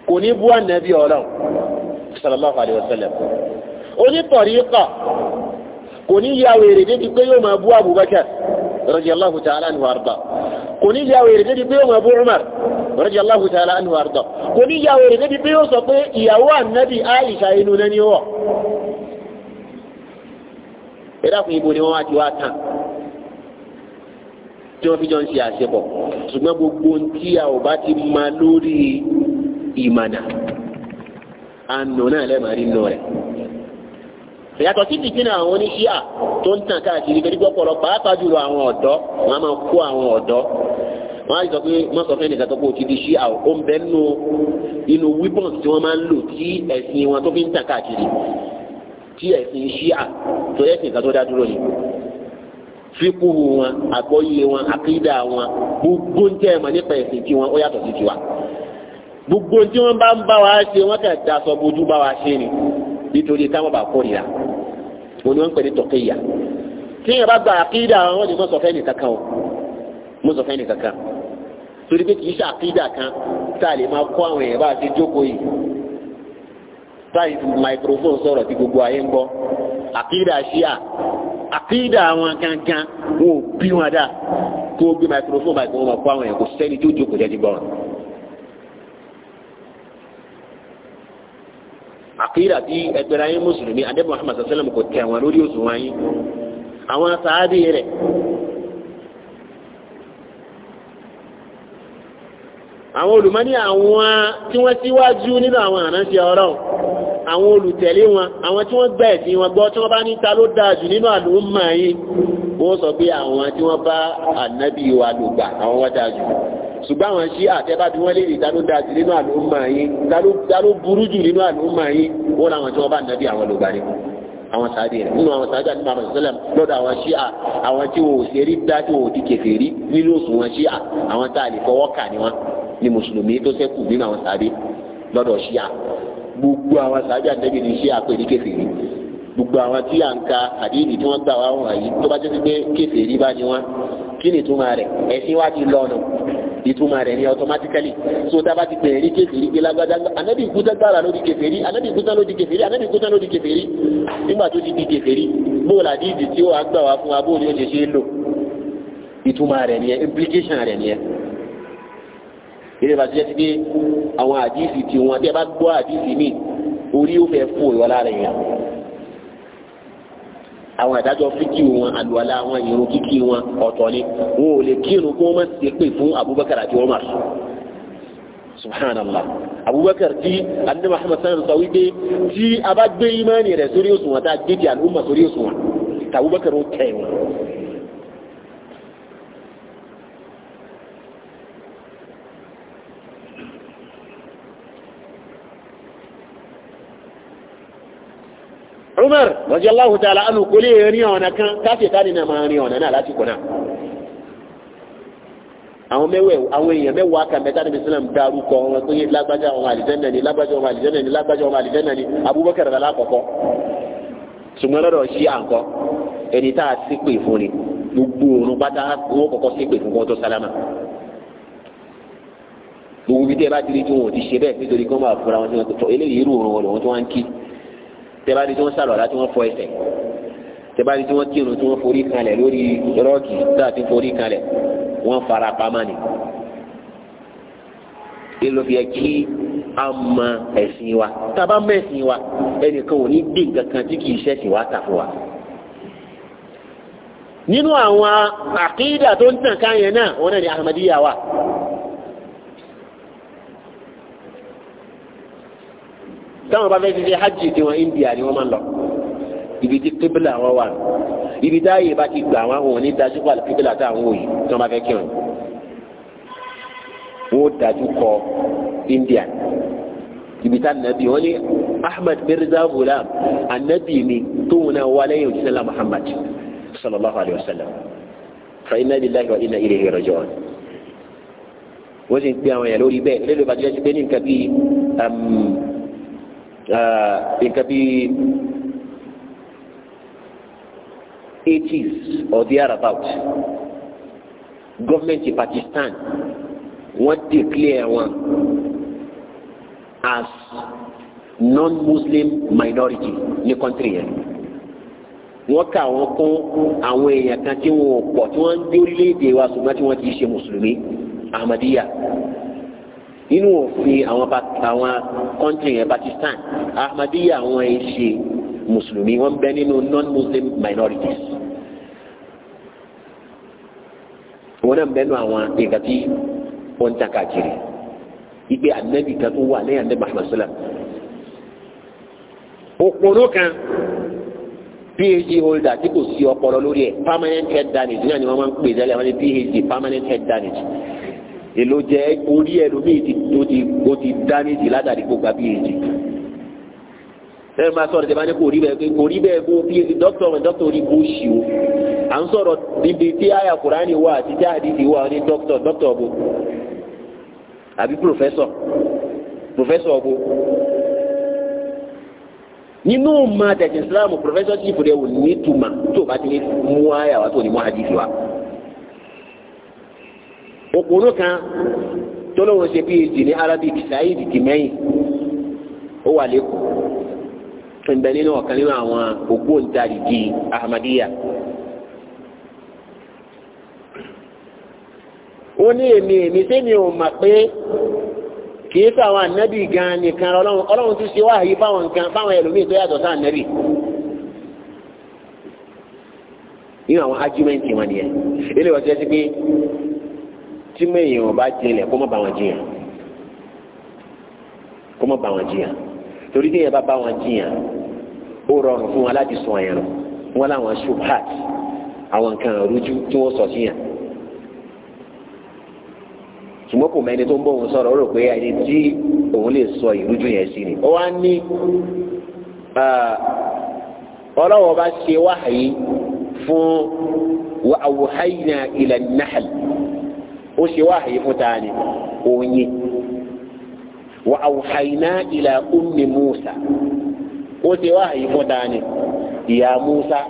kò ní bú ànábì ọlọ́run sallallahu alaihi wasallam onítọ̀ríkà kò ní ya wèrè débi pé yóò máa bú Abubakar radiyallahu ta'ala anhu arda kò ní ya wèrè débi pé yóò máa bú Umar radiyallahu ta'ala anhu ẹ dákun ibo ni wọ́n wá ti wá tàn tí wọ́n fi jọ ń ṣe àṣepọ̀ ṣùgbọ́n gbogbo tí a ò bá ti ma lórí ìmànà àná náà lẹ́ẹ̀mà rí nù rẹ̀ yàtọ̀ sí fìtínà àwọn oníṣíà tó ń tàn káàkiri torí gbọ́pọ̀lọ́ pàápàá jùlọ àwọn ọ̀dọ́ wọn a máa kó àwọn ọ̀dọ́ wọn á sọ pé wọn sọ fẹ́ẹ́ nìkan tó kó o ti di ṣíà ó ń bẹ́ẹ̀ nù inú wíbọ̀n tí wọ́n máa ń lò tí ẹ̀sìn wọn tó fi ń tàn káàkiri tí ẹ̀sìn ṣíà tó ẹ̀sìn kan tó dá dúró ni fíkúhu wọn àgbọ́yé wọn àkídà wọn gbogbo ń tẹ́ ẹ̀ mọ̀ nípa ẹ̀sìn tiwọn ó yàtọ̀ sí tiwa gbogbo tí wọn bá ń bá wa ṣe wọn kà da sọ bójú bá wa ṣe ni nítorí táwọn bá kó nira wọn ni wọn ń pè ní tọkẹyà tí yẹn bá gba àkídà wọn ni mo sọ fẹ́ nìkankan o mo sọ fẹ́ nìkankan torí pé kì í ṣe àkídà kan tá a lè máa kó àwọn èèyàn bá a ṣe jókòó yìí táyì microphone sọ̀rọ̀ tí gbogbo ayé ń gbọ́ àkídà ṣíà àkídà àwọn gangan wọn ò bí wọn dà kó o gbé microphone báyìí kó o máa kó àwọn yẹn kò sẹ́ni tó jókòó jẹ́ ti gbọ́ àkídà tí ẹgbẹ̀rẹ̀ ayé mùsùlùmí adébọ̀ Muhammad sallam kò tẹ̀ wọn lórí òṣùwọ̀n ayé àwọn sàádé rẹ̀ àwọn olùmọ́ àwọn tí wọ́n àwọn olùtẹ̀lé wọn àwọn tí wọ́n gbẹ̀ sí wọn gbọ́ tí wọ́n bá ní ta ló dáa jù nínú àlùmọ̀ yìí wọ́n sọ pé àwọn tí wọ́n bá ànábì wa lò gbà àwọn wá dáa jù ṣùgbọ́n àwọn sí àtẹ́bá bí wọ́n lè rí ta ló dáa jù nínú àlùmọ̀ yìí ta ló burú jù nínú àlùmọ̀ yìí wọ́n làwọn tí wọ́n bá ànábì àwọn lò gbà ni àwọn sáájú rẹ̀ nínú àwọn sáájú àti màmá sọlẹm lọ́dọ̀ àwọn ṣíà àwọn tí wọn ò ṣe rí dá tí wọn ò di kèfèrí nínú òsùn wọn ṣíà àwọn tá a lè fọwọ́ kà ní wọn ni mùsùlùmí tó ṣẹ́kù nínú àwọn sáájú lọ́dọ̀ ṣíà gbogbo àwọn sàájà nẹ́bí ní iṣẹ́ àpèrí kèfèrí gbogbo àwọn tí à ń ka àdéhìí tí wọ́n gbà wá wọ̀nyí tó bá jẹ́ sí pé kèfèrí bá ní wọn kí ni ìtumọ̀ rẹ̀ ẹ̀sìn wá ti lọ́nà ìtumọ̀ rẹ̀ ni automatically so tá a bá ti pè ní kèfèrí pé lágbájá anábì ìkúta gbára ló di kèfèrí anábì ìkúta ló di kèfèrí anábì ìkúta ló di kèfèrí nígbà tó ti di kèfèrí bóòlù àdéhìí tí ó wà gbà wá fún wa bóòlù ó ṣe ṣe é lò ìtumọ̀ rẹ̀ ni ẹ implication rẹ̀ ni ẹ eré bá jẹ́ pé àwọn àdìsí tí wọn tẹ́ bá gbọ́ àdìsí mi orí ó fẹ́ fún ìwọ lára yẹn àwọn àdájọ́ fíkì wọn àlùwalá wọn ìrun kíkì wọn ọ̀tọ̀ ni wọn ò lè kírun kó wọ́n ṣe pé fún Abubakar àti Umar subhanallah Abubakar tí anabi Muhammad sallam sọ wípé tí a bá gbé imáni rẹ̀ sórí òṣùwọ̀n tá a gbé ti àlùmọ̀ sórí òṣùwọ̀n tàbúbakar ó tẹ̀ wọn. Umar radiyallahu ta'ala anhu kò lè rí ọ̀nà kan káfíẹ̀ káàdì náà máa rí ọ̀nà náà láti kùnà àwọn mẹ́wẹ̀ àwọn èèyàn mẹ́wàá kan mẹ́ta níbi sílẹ̀ ń darúkọ wọn pé lágbájá ọmọ àlìjẹ́nà ni lágbájá ọmọ àlìjẹ́nà ni lágbájá ọmọ àlìjẹ́nà ni Abubakar rẹ̀ lákọ̀ọ́kọ́ ṣùgbọ́n lọ́dọ̀ ṣí àǹkọ́ ẹni tá a sì pè fún ni gbogbo òun pátá wọn kọ́kọ́ sì pè fún kó tó sálámà gbogbo bí tẹ́ bá ti rí tí wọn ò ti ṣe bẹ́ẹ̀ nítorí kí wọ́n máa fura wọn sí wọn tó eléyìí irú òun wọn lòun tó wá ń kí tẹ́bárí tí wọ́n sàlọ̀ láti wọ́n fọ ẹsẹ̀ tẹ́bárí tí wọ́n kírun tí wọ́n forí kanlẹ̀ lórí rọ́ọ̀kì tá a ti forí kanlẹ̀ wọ́n fara pamọ́ ni ìlòfìyà kí a mọ ẹ̀sìn wa tá a bá mọ ẹ̀sìn wa ẹnìkan ò ní dé nǹkan tí kì í ṣẹ̀sìn wa tà fún wa nínú àwọn àkídà tó ń tàn káyẹn náà wọn náà ni ahmadiyya wa táwọn bá fẹ́ ṣe hajj tí wọn India ni wọ́n máa ń lọ ibi tí kíbílà wọn wà ibi táyé bá ti gbà wọn wọn ní dájú kọ kíbílà táwọn wò yìí tí wọn bá fẹ́ kírun wọn ó dájú kọ India ibi tá nàbí wọn ní Ahmad Mirza Ghulam anabi mi tóun náà wà lẹ́yìn òjíṣẹ́ la Muhammad sallallahu alayhi wa sallam fa inna lillahi wa inna ilayhi raji'un wọ́n sì ń pe àwọn yẹn lórí bẹ́ẹ̀ lẹ́nu ìbàdí ẹ̀ pé ní nǹkan bíi um, Uh, nǹkan bíi eighties or Government gọọmenti Pakistan wọ́n declare wọn as non-muslim minority ní kọ́ńtírì yẹn wọ́n kà wọ́n kún àwọn èèyàn kan tí wọ́n pọ̀ tí wọ́n ń gbé orílẹ̀-èdè wa ṣùgbọ́n tí wọ́n ti ṣe mùsùlùmí Ahmadiyya nínú òfin àwọn àwọn kọ́ńtì yẹn Pakistan Ahmadiyya àwọn ẹ̀ ṣe mùsùlùmí wọ́n bẹ nínú non-Muslim minorities wọn náà bẹ nínú àwọn nǹkan tí wọ́n ń ta káàkiri ìgbé anabi kan tó wà lẹ́yìn anabi Muhammad sallam òpònú kan phd holder tí kò sí ọpọlọ lórí ẹ̀ permanent head damage náà ni wọ́n máa ń pè é tẹ́lẹ̀ wọ́n ní phd permanent head damage èló jẹ orí ẹlòmíì ti tó ti o ti dá níjì látàrí kó gba phd ẹ máa sọ̀rọ̀ ìjọba ní kò rí bẹ́ẹ̀ kò rí bẹ́ẹ̀ bó phd dókítà ọmọ dókítà orí bó ṣì o à ń sọ̀rọ̀ níbi tí àyà kùránì wà àti tí àdìsí wà ní dókítà dókítà ọ̀bọ àbí pòfẹ́sọ̀ pòfẹ́sọ̀ ọ̀bọ nínú ma tẹ̀sán islam pòfẹ́sọ̀ chief rẹ̀ ò ní tuma tó o bá ti ní mú àyà wa tó o ní mú àdìsí wa. òpònú kan tó lóun ṣe eji ní arabic saheed kìmẹ́yìn ó wà lẹ́kọ̀ọ́ ń bẹ awọn ọ̀kan nínú ahmadiyya. ó ní emi èmi ma ò mà pé kìí sáwọn ànábì gan nìkan ọlọ́run ọlọ́run tún ṣe wáyé fáwọn nǹkan fáwọn ẹlòmíì tó yàtọ̀ sáà ànábì nínú àwọn ájúmẹ́ǹtì wọn nìyẹn pé tí mo èèyàn bá jinlẹ̀ kó má bá wọn jiyàn kó má bá wọn jiyàn torí tí èèyàn bá bá wọn jiyàn ó rọrùn fún wọn láti sọ ẹ̀rọ wọn láwọn ṣùgbọ́n àwọn nǹkan rújú tí wọ́n sọ síyàn ṣùgbọ́n kò mẹ́ni tó ń bọ̀ òun sọ̀rọ̀ ó rò pé ẹni tí òun lè sọ ìrújú yẹn sí ni ó wá ní ọlọ́wọ́ bá ṣe wáhàyí fún wa awhayna ila ó ṣe wáhàyè fún tani oyin wa awuhaina ila ummi musa ó ṣe wáhàyè fún tani ìyá musa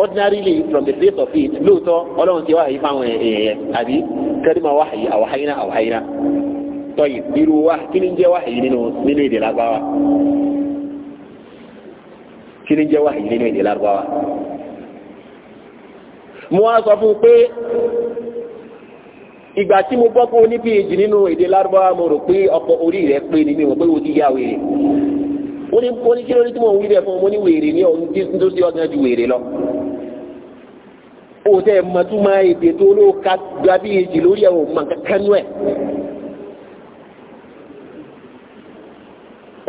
ordinarily from the place of it lóòótọ́ ọlọ́run ṣe wáhàyè fún àwọn èèyàn àbí kẹ́rìmà wáhàyè awuhaina awuhaina tọ́yì irú wa kí ni ń jẹ́ wáhàyè nínú nínú èdè lágbáwá kí ni ń jẹ́ nínú èdè lágbáwá. mo wá sọ fún un pé ìgbà tí mo gbọ́ pé o ní phd nínú èdè lárúbáwá mo rò pé ọkọ orí rẹ pé ni mi ò pé o ti yá wèrè ó ní kó ní kí ló ní tí mò ń wí bẹ́ẹ̀ fún un mo ní wèrè ní ọ̀hún tí tó ju wèrè lọ. mọ̀túmọ̀ èdè ka gba phd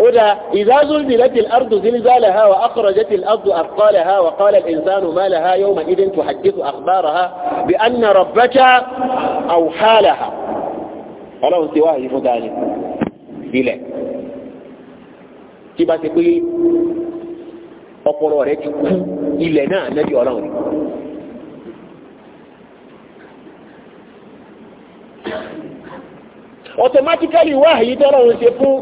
هنا إذا زلزلت الأرض زلزالها وأخرجت الأرض أفقالها وقال الإنسان ما لها يومئذ تحدث أخبارها بأن ربك أوحى لها ọlọ́run ti wá yìí fún dání ilẹ̀ tí bá ti pé ọpọlọ automatically wáhìí tọ́lọ́run ṣe fún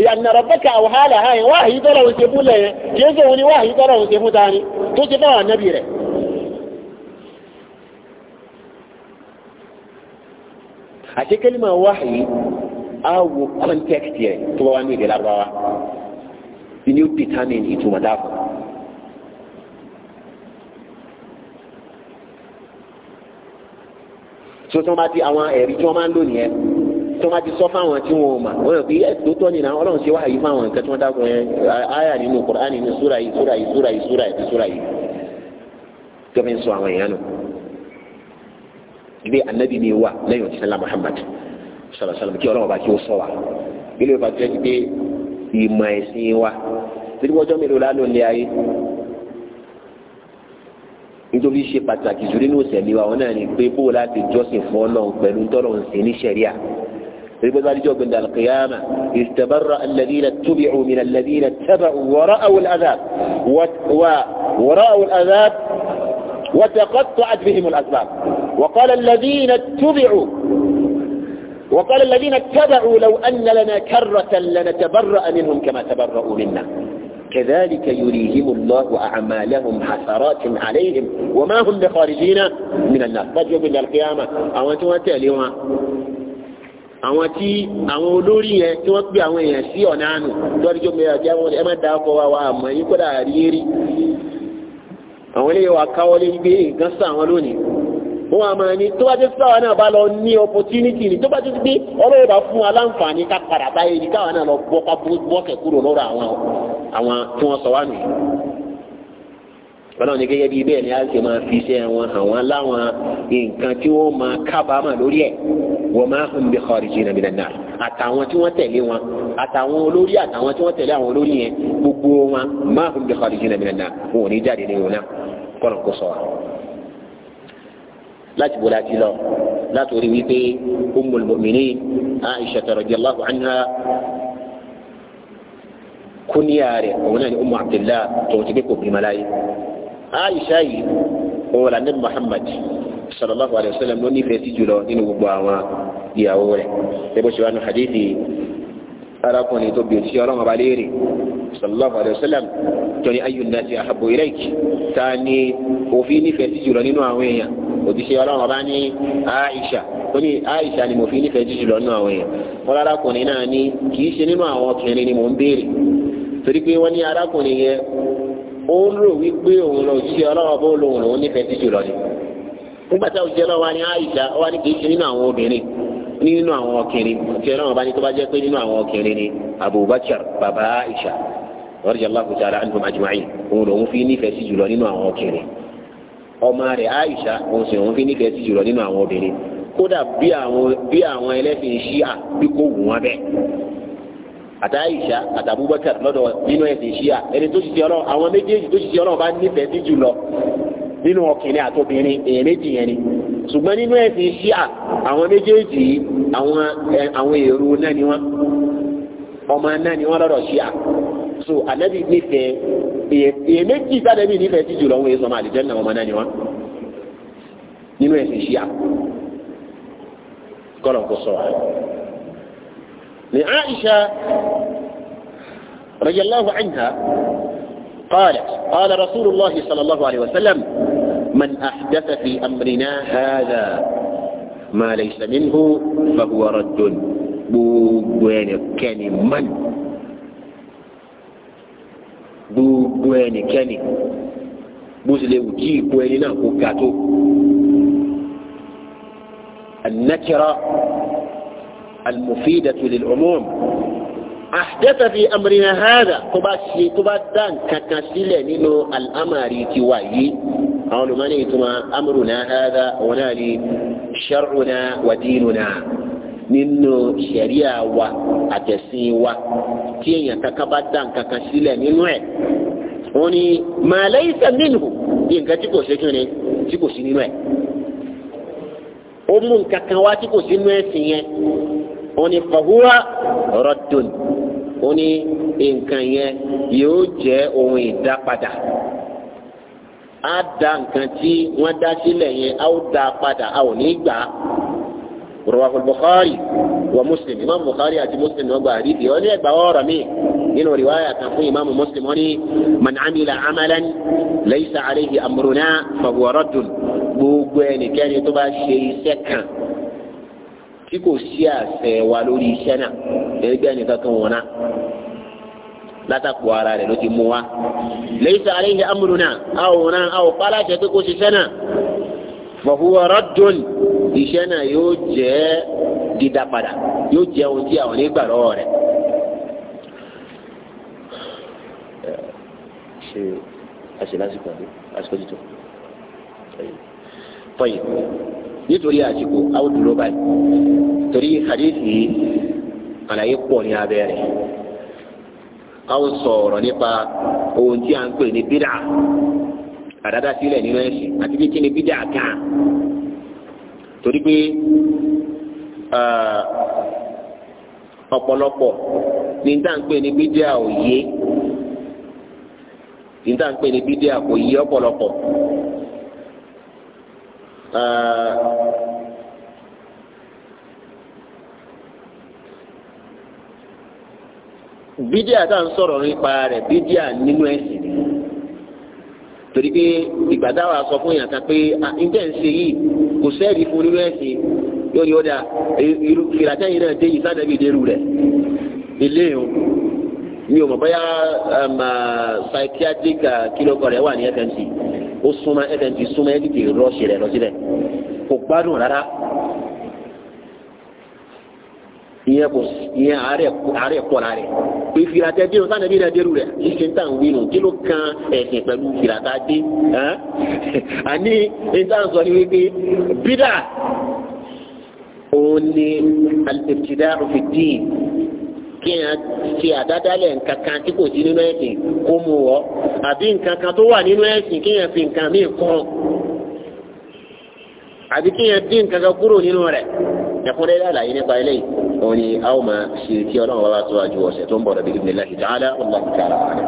ìyànnàrọ̀bẹ́kà wàhálà hain wáhìí tọ́lọ́run ṣe fún le kí é sóhun ni wáhìí tọ́lọ́run fún tani tó ṣe fáwọn ànábì rẹ̀ àti kẹ́lìmọ̀ wáhìí á wo context yẹ tó bá wá ní èdè so tí wọ́n bá ti àwọn ẹ̀rí tí wọ́n máa ń tó máa ti sọ fáwọn tí wọn ò mà wọn yọ pé ẹ tó tọ́ nìyẹn ọlọ́run ṣe wáyé fáwọn nǹkan tí wọ́n dákun yẹn àyà nínú Qur'an nínú súra yìí súra yìí súra yìí súra yìí súra yìí tó fi ń sọ àwọn èèyàn nù. ilé anabi mi wà lẹ́yìn òtí sẹ́lá Muhammad sallallahu alaihi wasallam kí ọlọ́run bá kí ó sọ wa ilé ìfà tó yẹ kí pé ìmọ̀ ẹ̀sìn wa torí wọ́jọ́ mélòó lálọ́ ní ayé nítorí ṣe pàtàkì jù nínú ìṣẹ̀lẹ̀ wa wọn náà ní pé bó o láti jọ́sìn fún ọlọ́run يقول ذلك جواب عند القيامة استبرأ الذين اتبعوا من الذين اتبعوا ورأوا الأذاب ورأوا الأذاب وتقطعت بهم الأسباب وقال الذين اتبعوا وقال الذين اتبعوا لو أن لنا كرة لنتبرأ منهم كما تبرأوا منا كذلك يريهم الله أعمالهم حسرات عليهم وما هم بخارجين من الناس فجوا بالله القيامة أو أنتم تعلمون àwọn tí àwọn olórí yẹn tí wọ́n pè àwọn èèyàn sí ọ̀nà àánú lọ́dún tó ọkọ̀ wa wa àmọ́ yín kódà rírí àwọn wa káwọ́ gbé nǹkan sí àwọn lónìí wọn àmọ́ ni tó bá jẹ́ náà bá lọ ní opportunity ni tó bá jẹ́ pé fún wa ká padà ni káwọn náà lọ kúrò lọ́rọ̀ àwọn tí wọ́n sọ wá ọlọ́run ní gẹ́gẹ́ bíi bẹ́ẹ̀ ni a ṣe máa fi iṣẹ́ wọn àwọn láwọn nǹkan tí wọ́n máa kábàámà lórí ẹ̀ wọ́n máa ń bẹ kharijina minan nar àtàwọn tí wọ́n tẹ̀lé wọn àtàwọn olórí àtàwọn tí wọ́n tẹ̀lé àwọn olórí yẹn gbogbo wọn máa ń bẹ kharijina minan nar wọn ò ní jáde ní ìrònà kọ́lọ̀ kó sọ wa. láti bó láti lọ látòrí wípé ummul mu'minin Aisha radiyallahu anha òun náà ni Ummu Abdillah tó ti dé kò bímọ láyé aisha yìí òun là ní muhammad sallallahu alayhi wa sallam ló nífẹ̀ẹ́ sí jùlọ nínú gbogbo àwọn ìyàwó rẹ̀ ẹgbẹ́ ṣe wà nù hadithi arákùnrin tó bí o ti ṣe ọlọ́run ọba léèrè sallallahu alayhi wa sallam tó ní ayu nasi ahabu ilayk ta ni òfin nífẹ̀ẹ́ sí jùlọ nínú àwọn èèyàn òjíṣẹ́ ọlọ́run ọba ní aisha ó ní aisha ni mo fi nífẹ̀ẹ́ jùlọ nínú àwọn èèyàn wọn arákùnrin náà ní kì í ṣe nínú àwọn ọkùnrin ni mo ń béèrè torí pé wọ́n ní arákùnrin yẹn òun rò wípé òun lọ òjíṣẹ́ ọlọ́wọ́ bó lòun lòun nífẹ̀ẹ́ sí jùlọ ni nígbà tá òjíṣẹ́ ọlọ́wọ́ wa ní àyíṣà wa ní kì í ṣe nínú àwọn obìnrin nínú àwọn ọkùnrin òjíṣẹ́ ọlọ́wọ́ bá ní tó bá jẹ́ pé nínú àwọn ọkùnrin ni Abubakar baba Aisha radiyallahu ta'ala anhum ajma'in òun lòun fi nífẹ̀ẹ́ sí jùlọ Aisha òun sì òun fi nífẹ̀ẹ́ sí jùlọ nínú àwọn obìnrin àtàyíṣà àtàbúbẹ́kà lọ́dọ̀ nínú ẹ̀sìn ṣíà ẹni tó ṣiṣẹ́ ọlọ́run àwọn méjèèjì tó ṣiṣẹ́ ọlọ́run bá nífẹ̀ẹ́ sí jùlọ nínú ọkùnrin àtobìnrin èèyàn méjì yẹn ni ṣùgbọ́n nínú ẹ̀sìn ṣíà àwọn méjèèjì àwọn àwọn èrò náà ni wọ́n ọmọ náà ni wọ́n lọ́dọ̀ ṣíà so ànábì nífẹ̀ẹ́ èèyàn méjì sádẹ́bì nífẹ̀ẹ́ sí jùlọ òun èso máa lè jẹ́ ọmọ náà ni wọ́n nínú ẹ̀sìn ṣíà لعائشة رضي الله عنها قالت قال رسول الله صلى الله عليه وسلم من أحدث في أمرنا هذا ما ليس منه فهو رد بوين كان من بوين كان bó sì lè wù kí النكرة المفيدة للعموم àdẹ́sẹ̀ fi amúrinà hàdà tó bá ṣe tó bá dá nǹkan kan sílẹ̀ nínú al'amari ti wà yìí àwọn olùmọ́ni ìtumọ̀ amúrinà hàdà wọn náà ni ṣar'una wa dinuna nínú ṣẹ̀ríà wa àtẹ̀sìn wa tí èèyàn kankan bá dá nǹkan kan sílẹ̀ nínú ẹ̀ wọn ni ma laysa minhu bí nǹkan tí kò ṣe kí ni tí kò sí nínú ẹ̀ ó mú nǹkan kan wá tí kò sí nínú ẹ̀sìn yẹn òun ni fahuwa raddun òun ni nǹkan yẹn yóò jẹ́ ohun ìdápadà á da nǹkan tí wọ́n dá sílẹ̀ yẹn á ó da padà á ò ní gbà á rawahu Bukhari wa Muslim imam Bukhari àti Muslim ni wọ́n gba àdìsí wọ́n ní ẹgbàá ọ̀rọ̀ mi nínú riwaya kan fún imam Muslim wọ́n ní man amila amalan laysa alayhi amruna fahuwa raddun gbogbo ẹnikẹ́ni tó bá ṣe iṣẹ́ kan tí kò sí àṣẹ wa lórí iṣẹ́ náà lẹ́gbẹ́ nìkan kan wọ̀n náà látàkù ara rẹ̀ ló ti mú wa laysa alayhi amruna àwọn náà àwọn pálásẹ̀ pé kò ṣiṣẹ́ náà fa huwa raddun iṣẹ́ náà yóò jẹ́ dídá yóò jẹ́ ohun tí àwọn onígbà lọ́wọ́ rẹ̀. ṣe àṣẹ lásìkò àbí àṣìkò tuntun nítorí àsìkò àwọn dúró báyìí torí hadithi àlàyé pọ̀ ní abẹ́ rẹ̀ àwọn sọ̀rọ̀ nípa ohun tí a ń pè ní bídà àdáda sílẹ̀ nínú ẹ̀sìn àti bí kí ni bídà kan torí pé ọ̀pọ̀lọpọ̀ ní tá ń pè ní bídà òye ní tá ń pè ní bídà kò yé ọ̀pọ̀lọpọ̀ bídíà tá à ń sọ̀rọ̀ nípa rẹ̀ bídíà nínú ẹ̀sìn torí pé ìgbà táwa sọ fún yàn kan pé ǹjẹ́ ń ṣe yìí kò sẹ́ẹ̀rì fún nínú ẹ̀sìn yóò ní ó dà ìlàtẹ́yìn náà dé yìí sádẹ́bí dérú rẹ̀ ilé o mi ò mọ̀ bóyá um, uh, psychiatric uh, kìlọ̀ kọ̀ rẹ̀ wà ní fmc ó súnmọ́ ẹ fẹ́ ti súnmọ́ ẹ tètè rọ́ọ̀ṣì rẹ̀ lọ sílẹ̀ kò gbádùn rárá ìyẹn kò ìyẹn àárẹ̀ kọ́ la rẹ̀ pé filatẹ dé o sáà nàbí rẹ dérú rẹ ṣíṣe ń tàn wí nù kí ló kan ẹ̀sìn pẹ̀lú filata dé àní nítaǹ sọ ni wípé bídà òun ni alìtẹ̀tìdá òfin dín kí ẹ fi àdádálẹ̀ nǹkan kan tí kò sí nínú ẹ̀sìn kó mu wọ́ àbí nǹkan kan tó wà nínú ẹ̀sìn kí ẹ fi nǹkan míì kún àbí kí ẹ dín nǹkan kan kúrò nínú rẹ̀ ẹ̀kúnrẹ́rẹ́ àlàyé nípa eléyìí òun ni a ó máa ṣe tí ọlọ́run bá bá tó wájú ọ̀sẹ̀ tó ń bọ̀ rẹ̀ bí ibi nílẹ̀ ìdáhàdá ọlọ́run ti ara rẹ̀.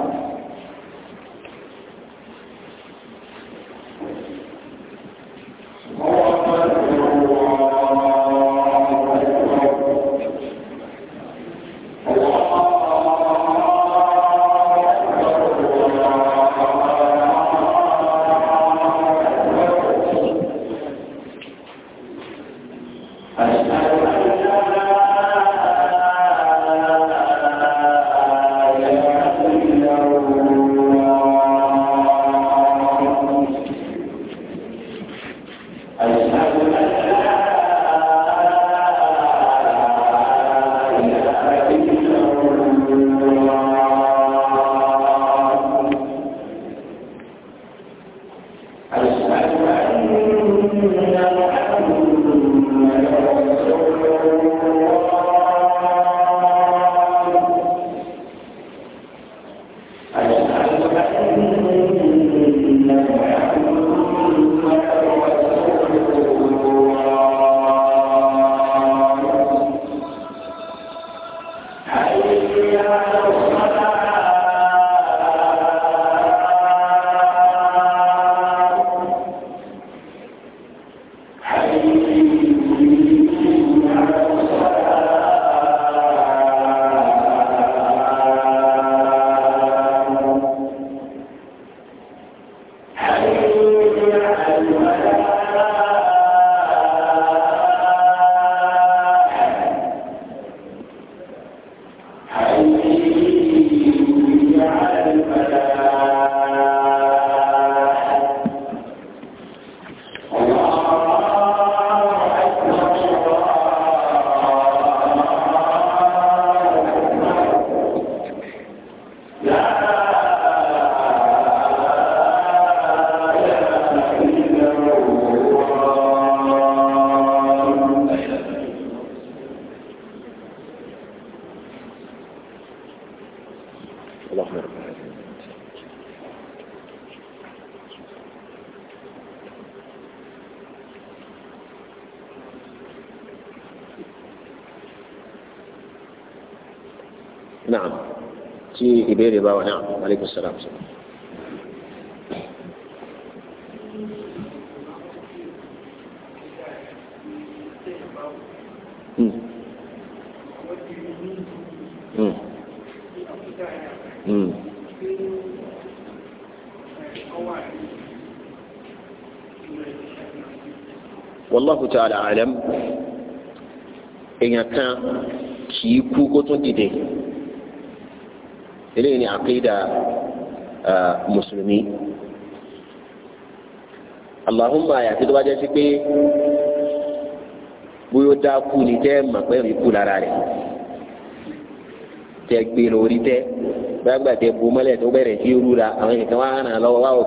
في إبيري باو نعم عليكم السلام wallahu ta'ala alam èèyàn kan kì í kú kó tún dìde eléyìí ni àkéèdà mùsùlùmí Allahumma àyàfi tó bá jẹ́ sí pé bóyá ó dá kú ni tẹ́ mọ̀ pé rí kú lára rẹ̀ tẹ gbé lórí tẹ gbàgbà tẹ bu mọ́lẹ̀ tó bẹ̀rẹ̀ sí irú la àwọn èèyàn wá hàn án lọ́wọ́ wá wọ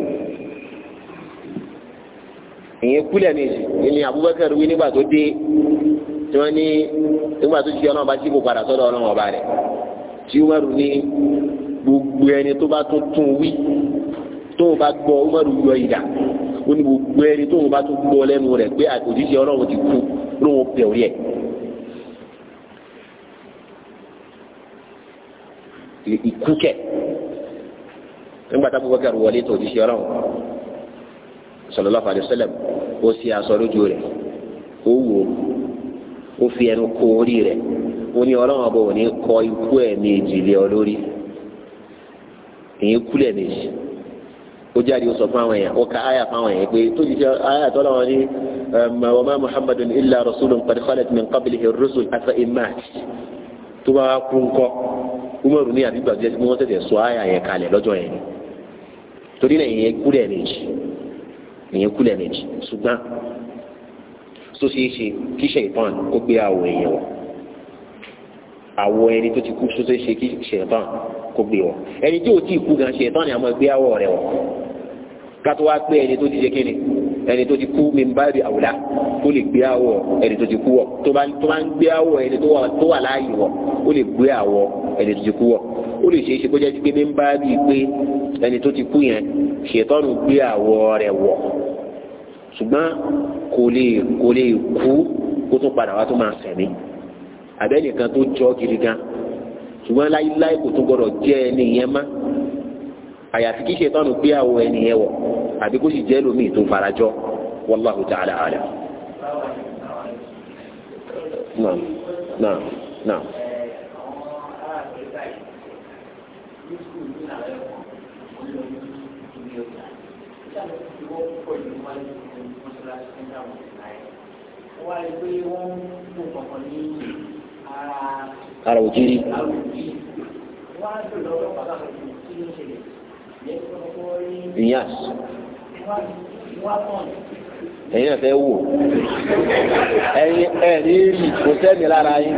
ìyẹn kúlẹ̀ méjì ìní Abubakar wí nígbà tó dé tí wọ́n ní nígbà tó ṣiṣẹ́ ọlọ́run bá ṣíbò padà sọ́dọ̀ ọlọ́run ọba rẹ̀ tí Umaru ní gbogbo ẹni tó bá tún tún wí tó bá gbọ́ Umaru yọ ìdá ó ní gbogbo ẹni tó bá tún gbọ́ lẹ́nu rẹ̀ pé òjíṣẹ́ ọlọ́run ti kú lóun pẹ̀ orí ẹ̀. ikú kẹ̀ nígbà tábùkọ́ kẹrù wọlé tó òjíṣẹ́ ọlọ́run sallallahu alaihi wasallam ó sì aṣọ lójú rẹ̀ ó wò ó fi ẹnu kó orí rẹ̀ ó ní ọlọ́run ọba ò ní kọ ikú ẹ̀ méjì lé ọ lórí èyí méjì ó jáde ó sọ fún àwọn èèyàn ó ka àyà fún àwọn èèyàn pé tó ti ṣe àyà tó lọ́wọ́ ní wa ma muhammadun illa rasulun qad khalat min qablihi Rasul rusul afa imat tó bá wá kú ńkọ́ umaru ní àbí gbàgbé ẹni tí wọ́n tẹ̀sẹ̀ sọ àyà yẹn kalẹ̀ lọ́jọ́ yẹn torí náà ìyẹn kúlẹ̀ méjì ìyẹn kú lẹ́ẹ̀mejì ṣùgbọ́n tó ṣeé ṣe kí ṣèǹtàn kó gbé àwọ̀ èèyàn wọ̀ àwọ̀ ẹni tó ti kú tó ṣeé ṣe kí ṣèǹtàn kó gbé wọ̀ ẹni tí ò tí ì kú gan ṣèǹtàn ni àmọ́ gbé àwọ̀ rẹ̀ wọ̀ kátó wá pé ẹni tó ti ṣe kíni ẹni tó ti kú mi ń bá rí àwòlá ó lè gbé àwọ̀ ẹni tó ti kú wọ̀ tó bá ń gbé àwọ̀ ẹni tó wà láàyè wọ̀ ó lè gbé àwọ̀ ẹni tó ti kú wọ̀ ó lè ṣeé ṣe kó jẹ́ pé bí ń bá bíi pé ẹni tó ti kú yẹn ṣètọ́nù gbé àwọ̀ rẹ̀ wọ̀ ṣùgbọ́n kò lè kò lè kú kó tún padà wá tó máa sẹ̀mí àbẹ́nìkan tó jọ́ gidi gan ṣùgbọ́n láíláí kò tún gbọ́dọ̀ jẹ́ ẹni yẹn má àyàfi kí ṣètọ́nù gbé àwọ̀ ẹni yẹn wọ̀ àbí kó sì jẹ́ lómi tó farajọ́ wallahu ta'ala a'lam. Naam, naam, ní ara ara ìyàs ẹ̀yin náà wò ẹ̀yin ẹ̀yin kò sẹ́mi lára yín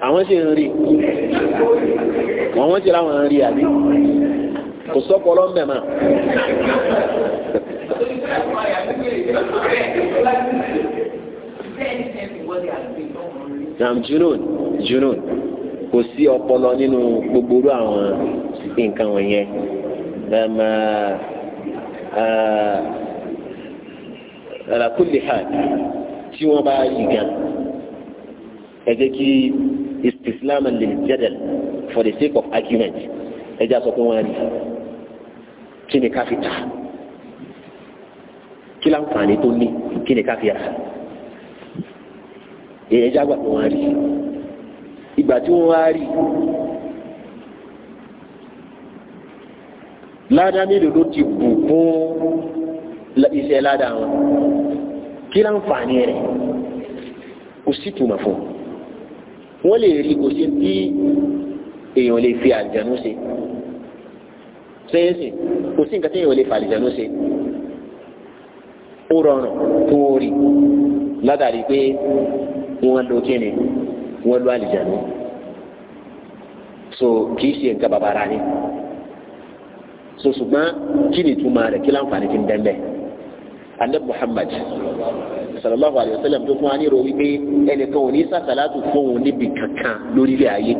àwọn sì ń rí àwọn sì láwọn ń rí àbí kò sọ́kọ ọlọ́mọbẹ̀ mà. nam junun junun kò sí ọpọlọ nínú gbogbo àwọn nǹkan wọ̀nyẹn eh, eh, ala kulli hal tí wọ́n bá yí gan ẹ jẹ́ kí istislam and jadal for the sake of argument ẹ jẹ́ àsọ pé wọ́n á rí kí ni ká fi ta kí láǹfààní tó ní kí ni ká fi rà èyí ẹja gbà rí ìgbà tí wọ́n rí ládàá mélòó ló ti bù fún iṣẹ́ ládàá wọn kí láǹfààní rẹ̀ kò sí tùmọ̀ fún un wọ́n lè rí kò sí bí èèyàn lè fi àlìjẹ̀nu ṣe sẹ́yìnsì kò sí nǹkan tí èèyàn lè fi àlìjẹ̀nu ṣe ó rọrùn tó wọ́n rí látàrí pé wọ́n lo kíni wọ́n lo àlìjẹ̀nu so kì í ṣe nǹkan bàbàrà ni so ṣùgbọ́n kí ni ìtumọ̀ rẹ̀ kí láǹfààní ti ń bẹ́ẹ̀ bẹ́ẹ̀ anabi muhammad sallallahu alayhi wa sallam tó fún wa ní ìrò wípé ẹnìkan ò ní sàṣàlátù fóun níbi kankan lórílẹ̀ ayé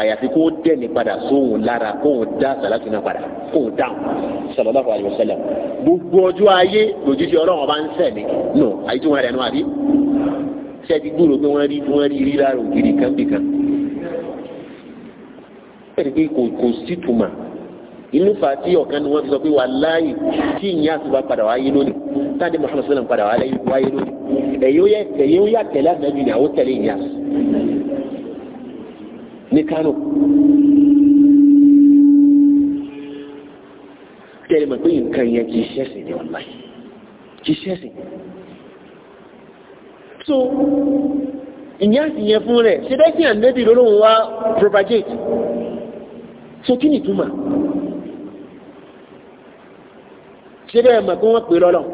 àyàfi kó dẹ́ni padà sóhun lára kóhun dá sàlátù náà padà kóhun dáhùn sallallahu alayhi wa sallam gbogbo ọjọ́ ayé lójijì ọlọ́run ọba ń sẹ̀mí nù ayé tí wọ́n rẹ̀ nù àbí sẹ́ẹ̀dì gbúrò pé wọ́n rí wọ́n rí rírà ògiri kan bìkan ẹ̀rí pé kò sí tùmọ̀ ìlú fati ọ̀kan ni wọ́n ti sọ pé wàláyé tí ìyá àtúbà padà wáyé lónìí táde muhammed sallam padà wáyé lónìí ẹ̀yẹ́ ó yà tẹ̀lé ànábì ni àwọn tẹ̀lé ìyá ní kánò tẹ́lẹ̀ mọ̀ pé nǹkan yẹn kì í ṣẹ̀sìn ní ọ̀la kì í ṣẹ̀sìn so ìyá sì yẹn fún rẹ̀ ṣe bẹ́ẹ̀ sí ànábì lọ́lọ́run wá propagate so kí ni túmọ̀ ṣé bẹ́ẹ̀ mọ̀ pé wọ́n pè lọ́lọ́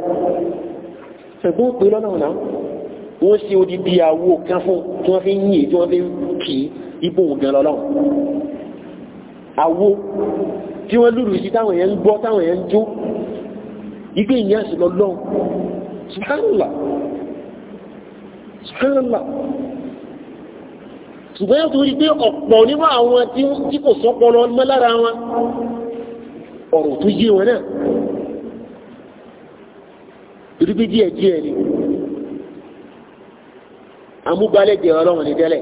ṣùgbọ́n pè lọ́lọ́ náà wọ́n ṣe odidi àwo kan fún tí wọ́n fi ń yìn tí wọ́n fi ń kì ibò gan lọ́lọ́ àwo tí wọ́n lùlù sí táwọn èèyàn ń gbọ́ táwọn èèyàn ń jó igbe ìyẹn sì lọ́lọ́ ṣùgbọ́n yóò torí pé ọ̀pọ̀ níwọ̀n àwọn tí kò sọ́pọ̀ lọ mọ́ lára wọn ọ̀rọ̀ tó yé wọn náà torí pé díẹ̀ díẹ̀ ni amúgbálẹ́jẹ ọlọ́run ní tẹ́lẹ̀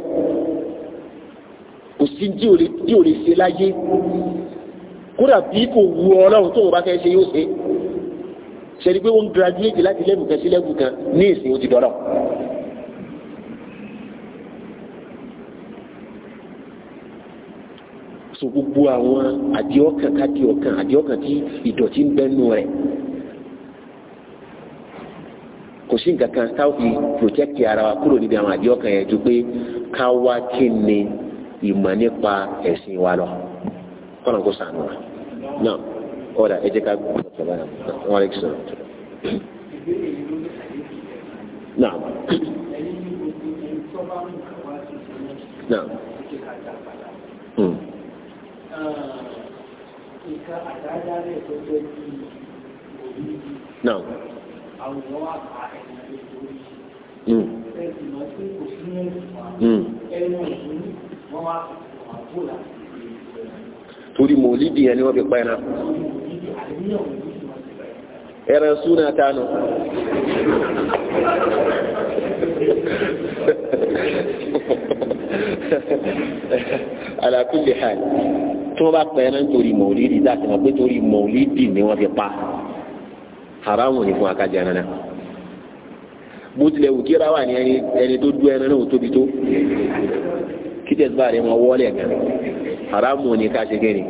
kò sí tí ò lè ṣe láyé kódà bí kò wu ọlọ́run tó wọn bá fẹ́ ṣe yóò ṣe ṣẹ́ni pé wọ́n ń graduate láti lẹ́bù kan sí lẹ́bù kan ní ìsìn ó ti dọ́lọ̀. so gbogbo àwọn àdìọ́kàn kádìọ́kàn àdìọ́kàn tí ìdọ̀tí ń bẹ́nu rẹ̀ kò sí nǹkan kan tá a fi protect ara wa kúrò níbi àwọn àdìọ́ kan yẹn ju pé ká wá kí ni ìmọ̀ nípa ẹ̀sìn wa lọ kọ́nà kó sànù wa náà ọ̀dà ẹ jẹ́ ká gbọ́dọ̀ tẹ̀lé wọn lè sọ̀rọ̀. náà náà hmm. náà àwùjọ wà bá ẹni tó ń ṣe. Hmm. ẹ sì mọ̀ pé kò sí ní ìfà hmm. ẹnu ìlú wọn wá àbò láti ṣe ìṣẹ̀lẹ̀. torí mòlídì yẹn ni wọ́n fi pa ẹran. ẹran súnà tánu. ala kulli hal tí wọ́n bá pa ẹran torí mòlídì láti mọ̀ pé torí mòlídì ni wọ́n fi pa haramu ni fún akájẹ ẹran náà bó tilẹ̀ wù kí ráwà ní ẹni ẹni tó dú ẹran náà tóbi tó kí tẹ̀sí bá rẹ̀ wọn wọ́lẹ̀ gan haramu ni ká ṣe kẹ́ni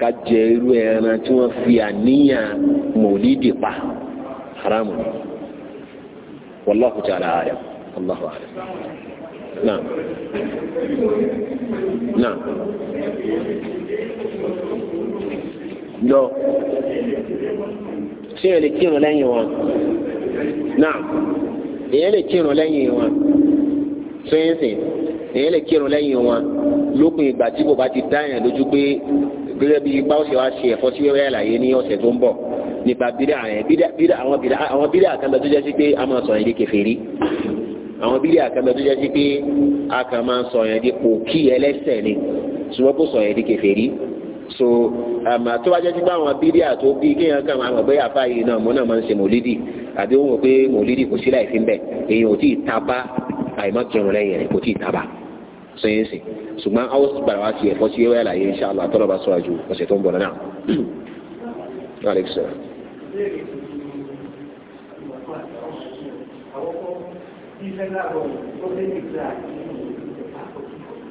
ká jẹ irú ẹran tí wọ́n fi àníyàn mọ̀lídì pa haramu ni wallahu ta'ala a'lam Allahu a'lam naam naam lọ ṣé èèyàn lè kírun lẹ́yìn wọn náà èèyàn lè kírun lẹ́yìn wọn sẹ́yìnsì èèyàn lè kírun lẹ́yìn wọn lópin ìgbà tí kò bá ti dá èèyàn lójú pé gẹ́gẹ́ bí bá ó ṣe wá ṣe ẹ̀fọ́ sí wẹ́wẹ́ àlàyé ní ọ̀sẹ̀ tó ń bọ̀ nípa bídà àwọn bídà àkànbẹ tó jẹ́ sí pé a máa sọ yẹn di kèfèrí àwọn bídà àkànbẹ tó jẹ́ sí pé a kàn máa sọ yẹn di pòkì ẹlẹ́ṣẹ̀ ni ṣùgbọ́n kò sọ yẹn di kèfèrí so àmà tó bá jẹ́ pípa àwọn bíríà tó bí kéèyàn kàn máa mọ̀ bẹ́ẹ̀ àfa yìí náà mo náà máa ń ṣe mòlídì àbí ó mọ̀ pé mòlídì kò sí láì fi ń bẹ̀ èèyàn ò tí ì taba àìmọ́ kírun lẹ́yìn rẹ̀ kò tí ì taba so yẹn sìn ṣùgbọ́n àwọn gbàrà wá ti ẹ̀fọ́ sí ẹwẹ́ àlàyé insha Allah tọ́lọ́ bá sọ̀rọ̀ ju ọ̀sẹ̀ tó ń bọ̀ náà.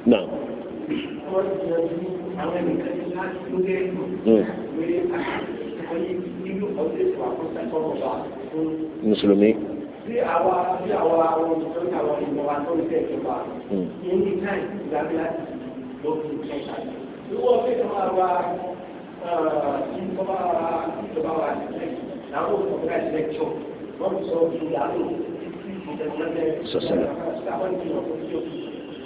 Naam mùsùlùmí. bí àwa bí àwa àwọn òṣìṣẹ́ ní àwọn ìjọba tó ń tẹ̀ ìjọba ní ní káì ìgbàgbé láti lọ sí ìjọba. ìwọ pé kí wọ́n wá ìjọba wa ìjọba wa làwọn òṣìṣẹ́ ìjọba ìjọ wọ́n sọ fún yàrá òṣìṣẹ́ ìjọba ìjọba ìjọba ìjọba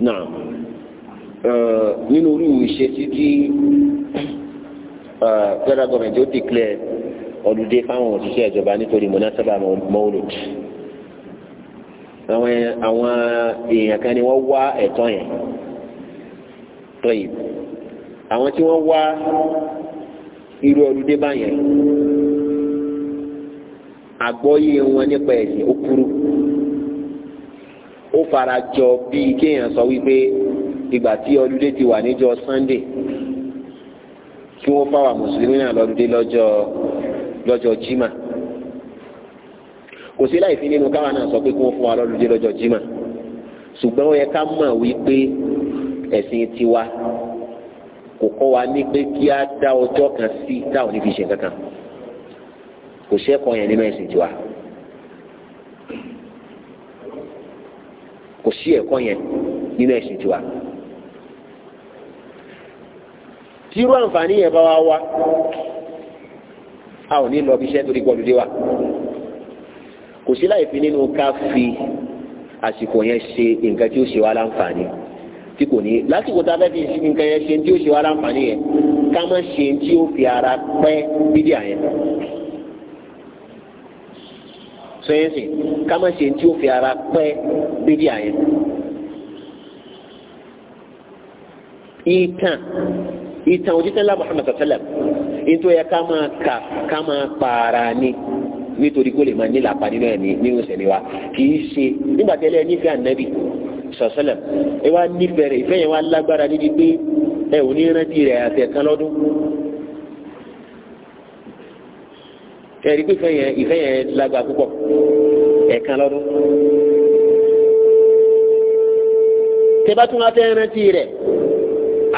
náà eh, nínú orí ìṣe títí eh, federal government ó declare ọdúndé fáwọn òṣìṣẹ́ ìjọba nítorí mọ̀nàsábà mọ́wòlòd àwọn àwọn èèyàn kan ni wọ́n wá ẹ̀tọ́ yẹn tọ́yì àwọn tí wọ́n wá irú ọdúndé báyẹn àgbọ́yé wọn nípa ẹ̀sìn ó kúrú ó fara jọ bíi kéèyàn sọ wípé ìgbà tí ọlúdé ti wà níjọ́ Sunday kí wọ́n fáwọn mùsùlùmí náà lọ́lúdé lọ́jọ́ lọ́jọ́ jimá kò sí láì fi nínú káwa náà sọ pé kí wọ́n fún wa lọ́lúdé lọ́jọ́ jimá ṣùgbọ́n ó yẹ ká mọ̀ wípé ẹ̀sìn tiwa kò kọ́ wa ní pé kí á dá ọjọ́ kan sí táwọn onífiṣẹ́ kankan kò ṣẹ́kọ̀ọ́ yẹn nínú ẹ̀sìn tiwa. kò sí ẹ̀kọ́ yẹn nínú ẹ̀sìn tiwa tírú àǹfààní yẹn bá wá wá a ò ní lọ bí iṣẹ́ torí gbọ́dọ̀ dé wa kò sí láì fi nínú ká fi àsìkò yẹn ṣe nǹkan tí ó ṣe wá láǹfààní tí kò ní lásìkò tá a fẹ́ fi nǹkan yẹn ṣe tí ó ṣe wá láǹfààní yẹn ká má ṣe tí ó fi ara pẹ́ bídíà yẹn sọyẹnsì ká má ṣe tí ó fi ara pẹ́ bíbí àyẹn. ìtàn ìtàn òjíṣẹ́lá Muhammad sallam ètò yẹ ká máa kà ká máa pààrà ni nítorí kó lè máa nílà pa nínú ẹ̀mí nínú ìṣẹ̀lẹ̀ wa kì í ṣe nígbà tẹ́lẹ̀ nífẹ̀ẹ́ ànábì sọ̀sẹ́lẹ̀ ẹ wá nífẹ̀ẹ́ rẹ̀ ìfẹ́ yẹn wá lágbára níbi pé ẹ ò ní rántí rẹ̀ àtẹ̀kán lọ́dún ẹ̀rí pé ìfẹ́ yẹn ìfẹ́ yẹn lágbà púpọ̀ ẹ̀ẹ̀kan lọ́dún. tẹ́bá tún wá fẹ́ rántí rẹ̀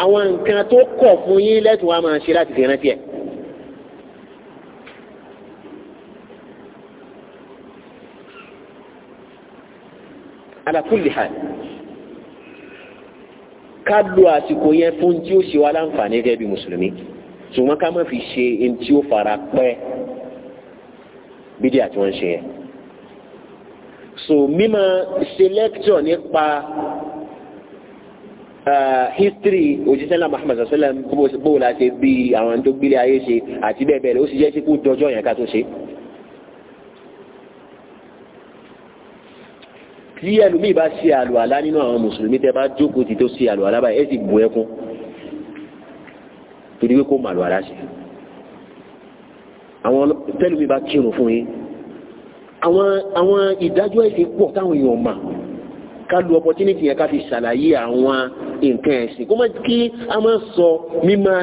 àwọn nǹkan tó kọ̀ fún yín lẹ́tùn wa máa ṣe láti fi rántí ẹ̀. ala kulli hal lo àsìkò yẹn fún tí ó ṣe wá láǹfààní gẹ́gẹ́ bí mùsùlùmí ṣùgbọ́n ká má fi ṣe ẹni ó fara pẹ́ bídí àti wọ́n ṣe yẹn so mímọ ṣe lecture nípa uh, history òjísẹ́lá Muhammad sallam bóò la ṣe bí àwọn tó gbélé ayé ṣe àti bẹ́ẹ̀ bẹ́ẹ̀ lọ ó sì jẹ́ sípò dọjọ́ yẹn ká tó ṣe. tí ẹlòmíì bá ṣe àlùwàlá nínú àwọn mùsùlùmí tẹ bá jókòó ti tó ṣe àlùwàlá báyìí ẹ sì bù ẹkún torí pé kó màlúwàlá ṣe àwọn tẹ́lifí bá kírun fún yín àwọn àwọn ìdájọ́ ẹ̀sìn pọ̀ táwọn èèyàn mà ká lu opportunity yẹn ká fi ṣàlàyé àwọn nǹkan ẹ̀sìn kó má kí a máa sọ mímá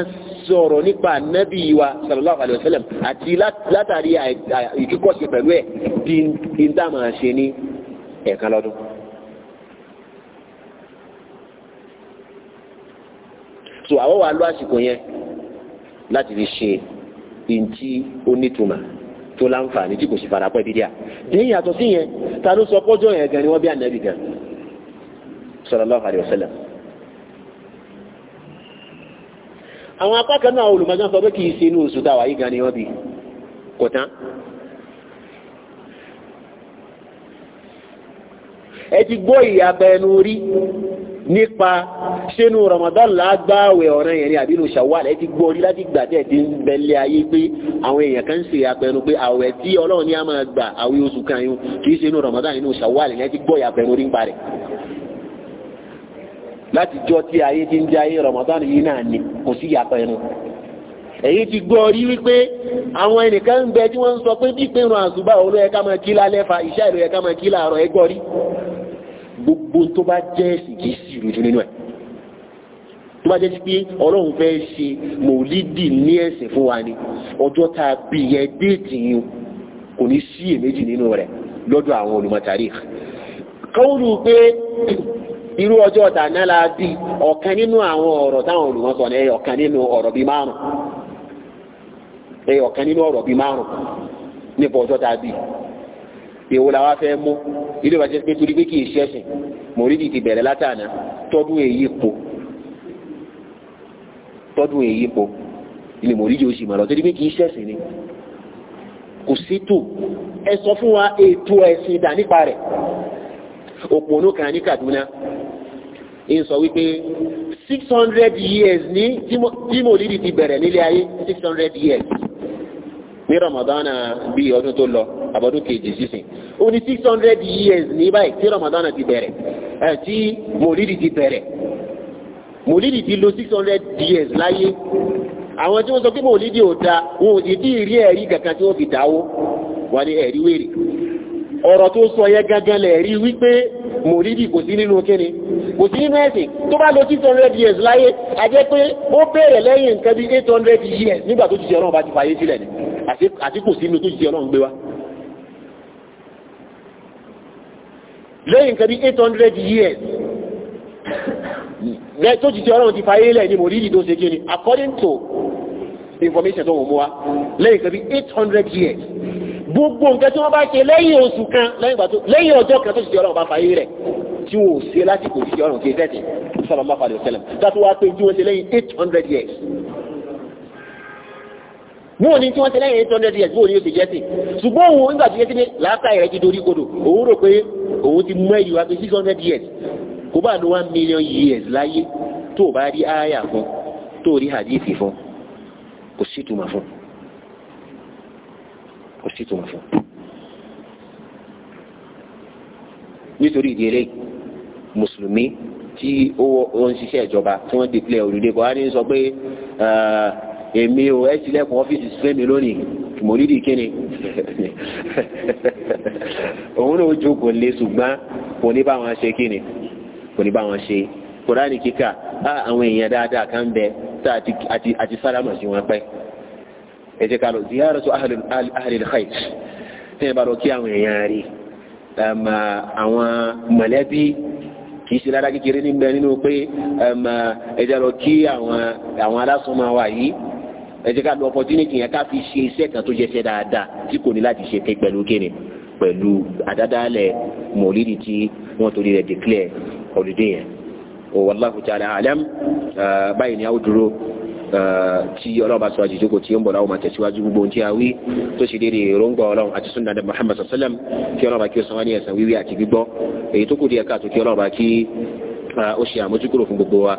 sọ̀rọ̀ nípa ànábì wa sallallahu alayhi wa sallam àti látàrí ìkíkọ̀sí pẹ̀lú ẹ̀ di ń dá máa ṣe ní ẹ̀ẹ̀kan lọ́dún. so àwọn wà lọ àsìkò yẹn láti fi ṣe ntí onítùmọ̀ tó láǹfààní tí kò sì fara pẹ́ dídíà lẹ́yìn yàtọ̀ sí yẹn ta ló sọ pọ́jọ́ yẹn gan ni wọ́n bí gan sallallahu alaihi wasallam. àwọn akọ́kẹ́ náà olùmọ̀jọ́ sọ pé kì í ṣe inú oṣù táwa yìí gan ni wọ́n bí kò tán. nípa ṣénú Ramadan lágbàwẹ̀ ọ̀ràn yẹn ni àbínú Shawwal ẹ ti gbọ́ rí láti gbà tẹ̀ ti ń bẹ̀lẹ̀ ayé pé àwọn èèyàn kan ń ṣe àpẹnu pé àwẹ̀ tí Ọlọ́run ní a máa gbà àwẹ̀ oṣù kan yìí kì í ṣénú Ramadan nínú Shawwal ẹ ti gbọ́ ìyàpẹnu rí ń parẹ́ láti jọ tí ayé ti ń jẹ ayé Ramadan yìí náà ni kò sí ìyàpẹnu èyí ti gbọ́ rí wípé àwọn ẹnìkan ń bẹ tí wọ́n ń sọ pé bí pé àṣùbà olóyẹ ká máa kí lálẹ́ fa ìṣá ká máa kí láàárọ̀ ẹ rí gbogbo tó bá jẹ́ ẹ̀sìn kì í sì rújú nínú ẹ̀ tó bá jẹ́ sí pé ọlọ́run fẹ́ ṣe mòlídì ní ẹ̀sìn fún wa ni ọjọ́ tá a bí yẹn déètì yìí kò ní sí èméjì nínú rẹ̀ lọ́dọ̀ àwọn olùmọ̀tàrí kọ́wùrù pé irú ọjọ́ ọ̀tà náà la bí ọ̀kan nínú àwọn ọ̀rọ̀ táwọn olùmọ̀ ní ọ̀kan nínú ọ̀rọ̀ bíi márùn-ún ọ̀kan nínú ọ̀rọ̀ bíi márùn-ún nípa ọjọ́ tá a bí èwo la wá fẹ́ mú ilé ìbàjẹ́ pé torí pé kì í ṣẹ́sìn mòrídìí ti bẹ̀rẹ̀ látànà tọ́dún èyí po tọ́dún èyí po ilé mòrídìí oṣù mọ̀lọ́ torí pé kì í ṣẹ́sìn ni kò sí tù ẹ sọ fún wa ètò ẹ̀sìn ìdá nípa rẹ̀ òpònú kan ní Kaduna ń sọ wípé six hundred years ní tí mòrídìí ti bẹ̀rẹ̀ nílé ayé six hundred years ní ramadana bíi ọdún tó lọ àbọ̀dún kejì sísìn ó ní six hundred years ní báyìí tí ramadana ti bẹ̀rẹ̀ ẹ̀ tí mòlídìí ti bẹ̀rẹ̀ mòlídìí ti lò six hundred years láyé àwọn tí wọ́n sọ pé mòlídìí ò da wọn ò sì tí ì rí ẹ̀rí kankan tí wọ́n fi dáwó wà ní ẹ̀rí wèrè ọ̀rọ̀ tó sọ yẹn gángan lẹ̀ rí wípé mòrídì kò sí nínú kíni kò sí nínú ẹ̀sìn tó bá lọ 600 years láyé a jẹ́ pé ó bẹ̀rẹ̀ lẹ́yìn nǹkan bí 800 years nígbà tó jíṣẹ́ ọlọ́run bá ti fàyè sílẹ̀ ni àti kò sí inú tó jíṣẹ́ ọlọ́run gbé wá lẹ́yìn nǹkan bí 800 years tó jíṣẹ́ ọlọ́run ti fàyè lẹ̀ ni mòrídì tó ṣe kíni according to information tó wọ́n mú wa lẹ́yìn nǹkan bí 800 years gbogbo nǹkan tí wọ́n bá ṣe lẹ́yìn oṣù kan lẹ́yìn ìgbà tó lẹ́yìn ọjọ́ kan tó ti di ọlọ́run bá fàyè rẹ̀ tí wọ́n ò ṣe láti kò sí ọ̀run kì í tẹ̀sí sọ̀rọ̀ máa falẹ̀ ọ̀sẹ̀lẹ̀ dátú wá pé tí wọ́n ṣe lẹ́yìn eight hundred years. wọ́n ní tí wọ́n ṣe lẹ́yìn eight hundred years wọ́n ní oṣù jẹ́sìn ṣùgbọ́n òun nígbà tó yẹ sí ní làákàyè rẹ̀ ti dorí kodò òun rò pé òun ti mú ẹ̀yí wá pé six hundred years kò bá ní one million years láyé tó o bá rí ááyà fún tó o rí hadith fún kò sí ìtumọ̀ fún un kò sí tó ń fún nítorí ìdí eléyìí mùsùlùmí tí ó ń ṣiṣẹ́ ìjọba tí wọ́n declare olùdé buhari ń sọ pé èmi ò ẹ́ tilẹ̀kùn ọ́fíìsì sílẹ̀mì lónìí mo rí di kíni òun náà jókòó lé ṣùgbọ́n kò ní bá wọn ṣe kíni kò ní bá wọn ṣe kòránì kíkà àwọn èèyàn dáadáa kan bẹ tá àti sálámà sí wọn pẹ́ ẹ jẹ́ ká lọ ziyaratu ahlil khayr tí ẹ bá lọ kí àwọn èèyàn rí um, àwọn mọ̀lẹ́bí kì í ṣe lára kékeré nígbà nínú pé um, ẹ jẹ́ lọ kí àwọn alásùnmọ̀ wa yìí ẹ jẹ́ ká lọ opportunity yẹn ká fi ṣe iṣẹ́ kan tó jẹ́ṣẹ́ dáadáa tí kò ní láti ṣe pé pẹ̀lú kéne pẹ̀lú àdádálẹ̀ mọ̀lídìí tí wọ́n torí rẹ̀ declare holiday yẹn. wallahu ta'ala alam uh, báyìí ni a ó dúró tí ọlọ́ọ̀bá sọ àjèjókò tí ó ń bọ̀ láwọn àtẹ̀síwájú gbogbo ohun tí a wí tó ṣe déédéé èròǹgbà ọlọ́run àti sunna nabi muhammad sallam kí ọlọ́ọ̀bá kí ó san wá ní ẹ̀san wíwí àti gbígbọ́ èyí tó kù díẹ̀ káàtó kí ọlọ́ọ̀bá kí ó ṣe àmójúkúrò fún gbogbo wa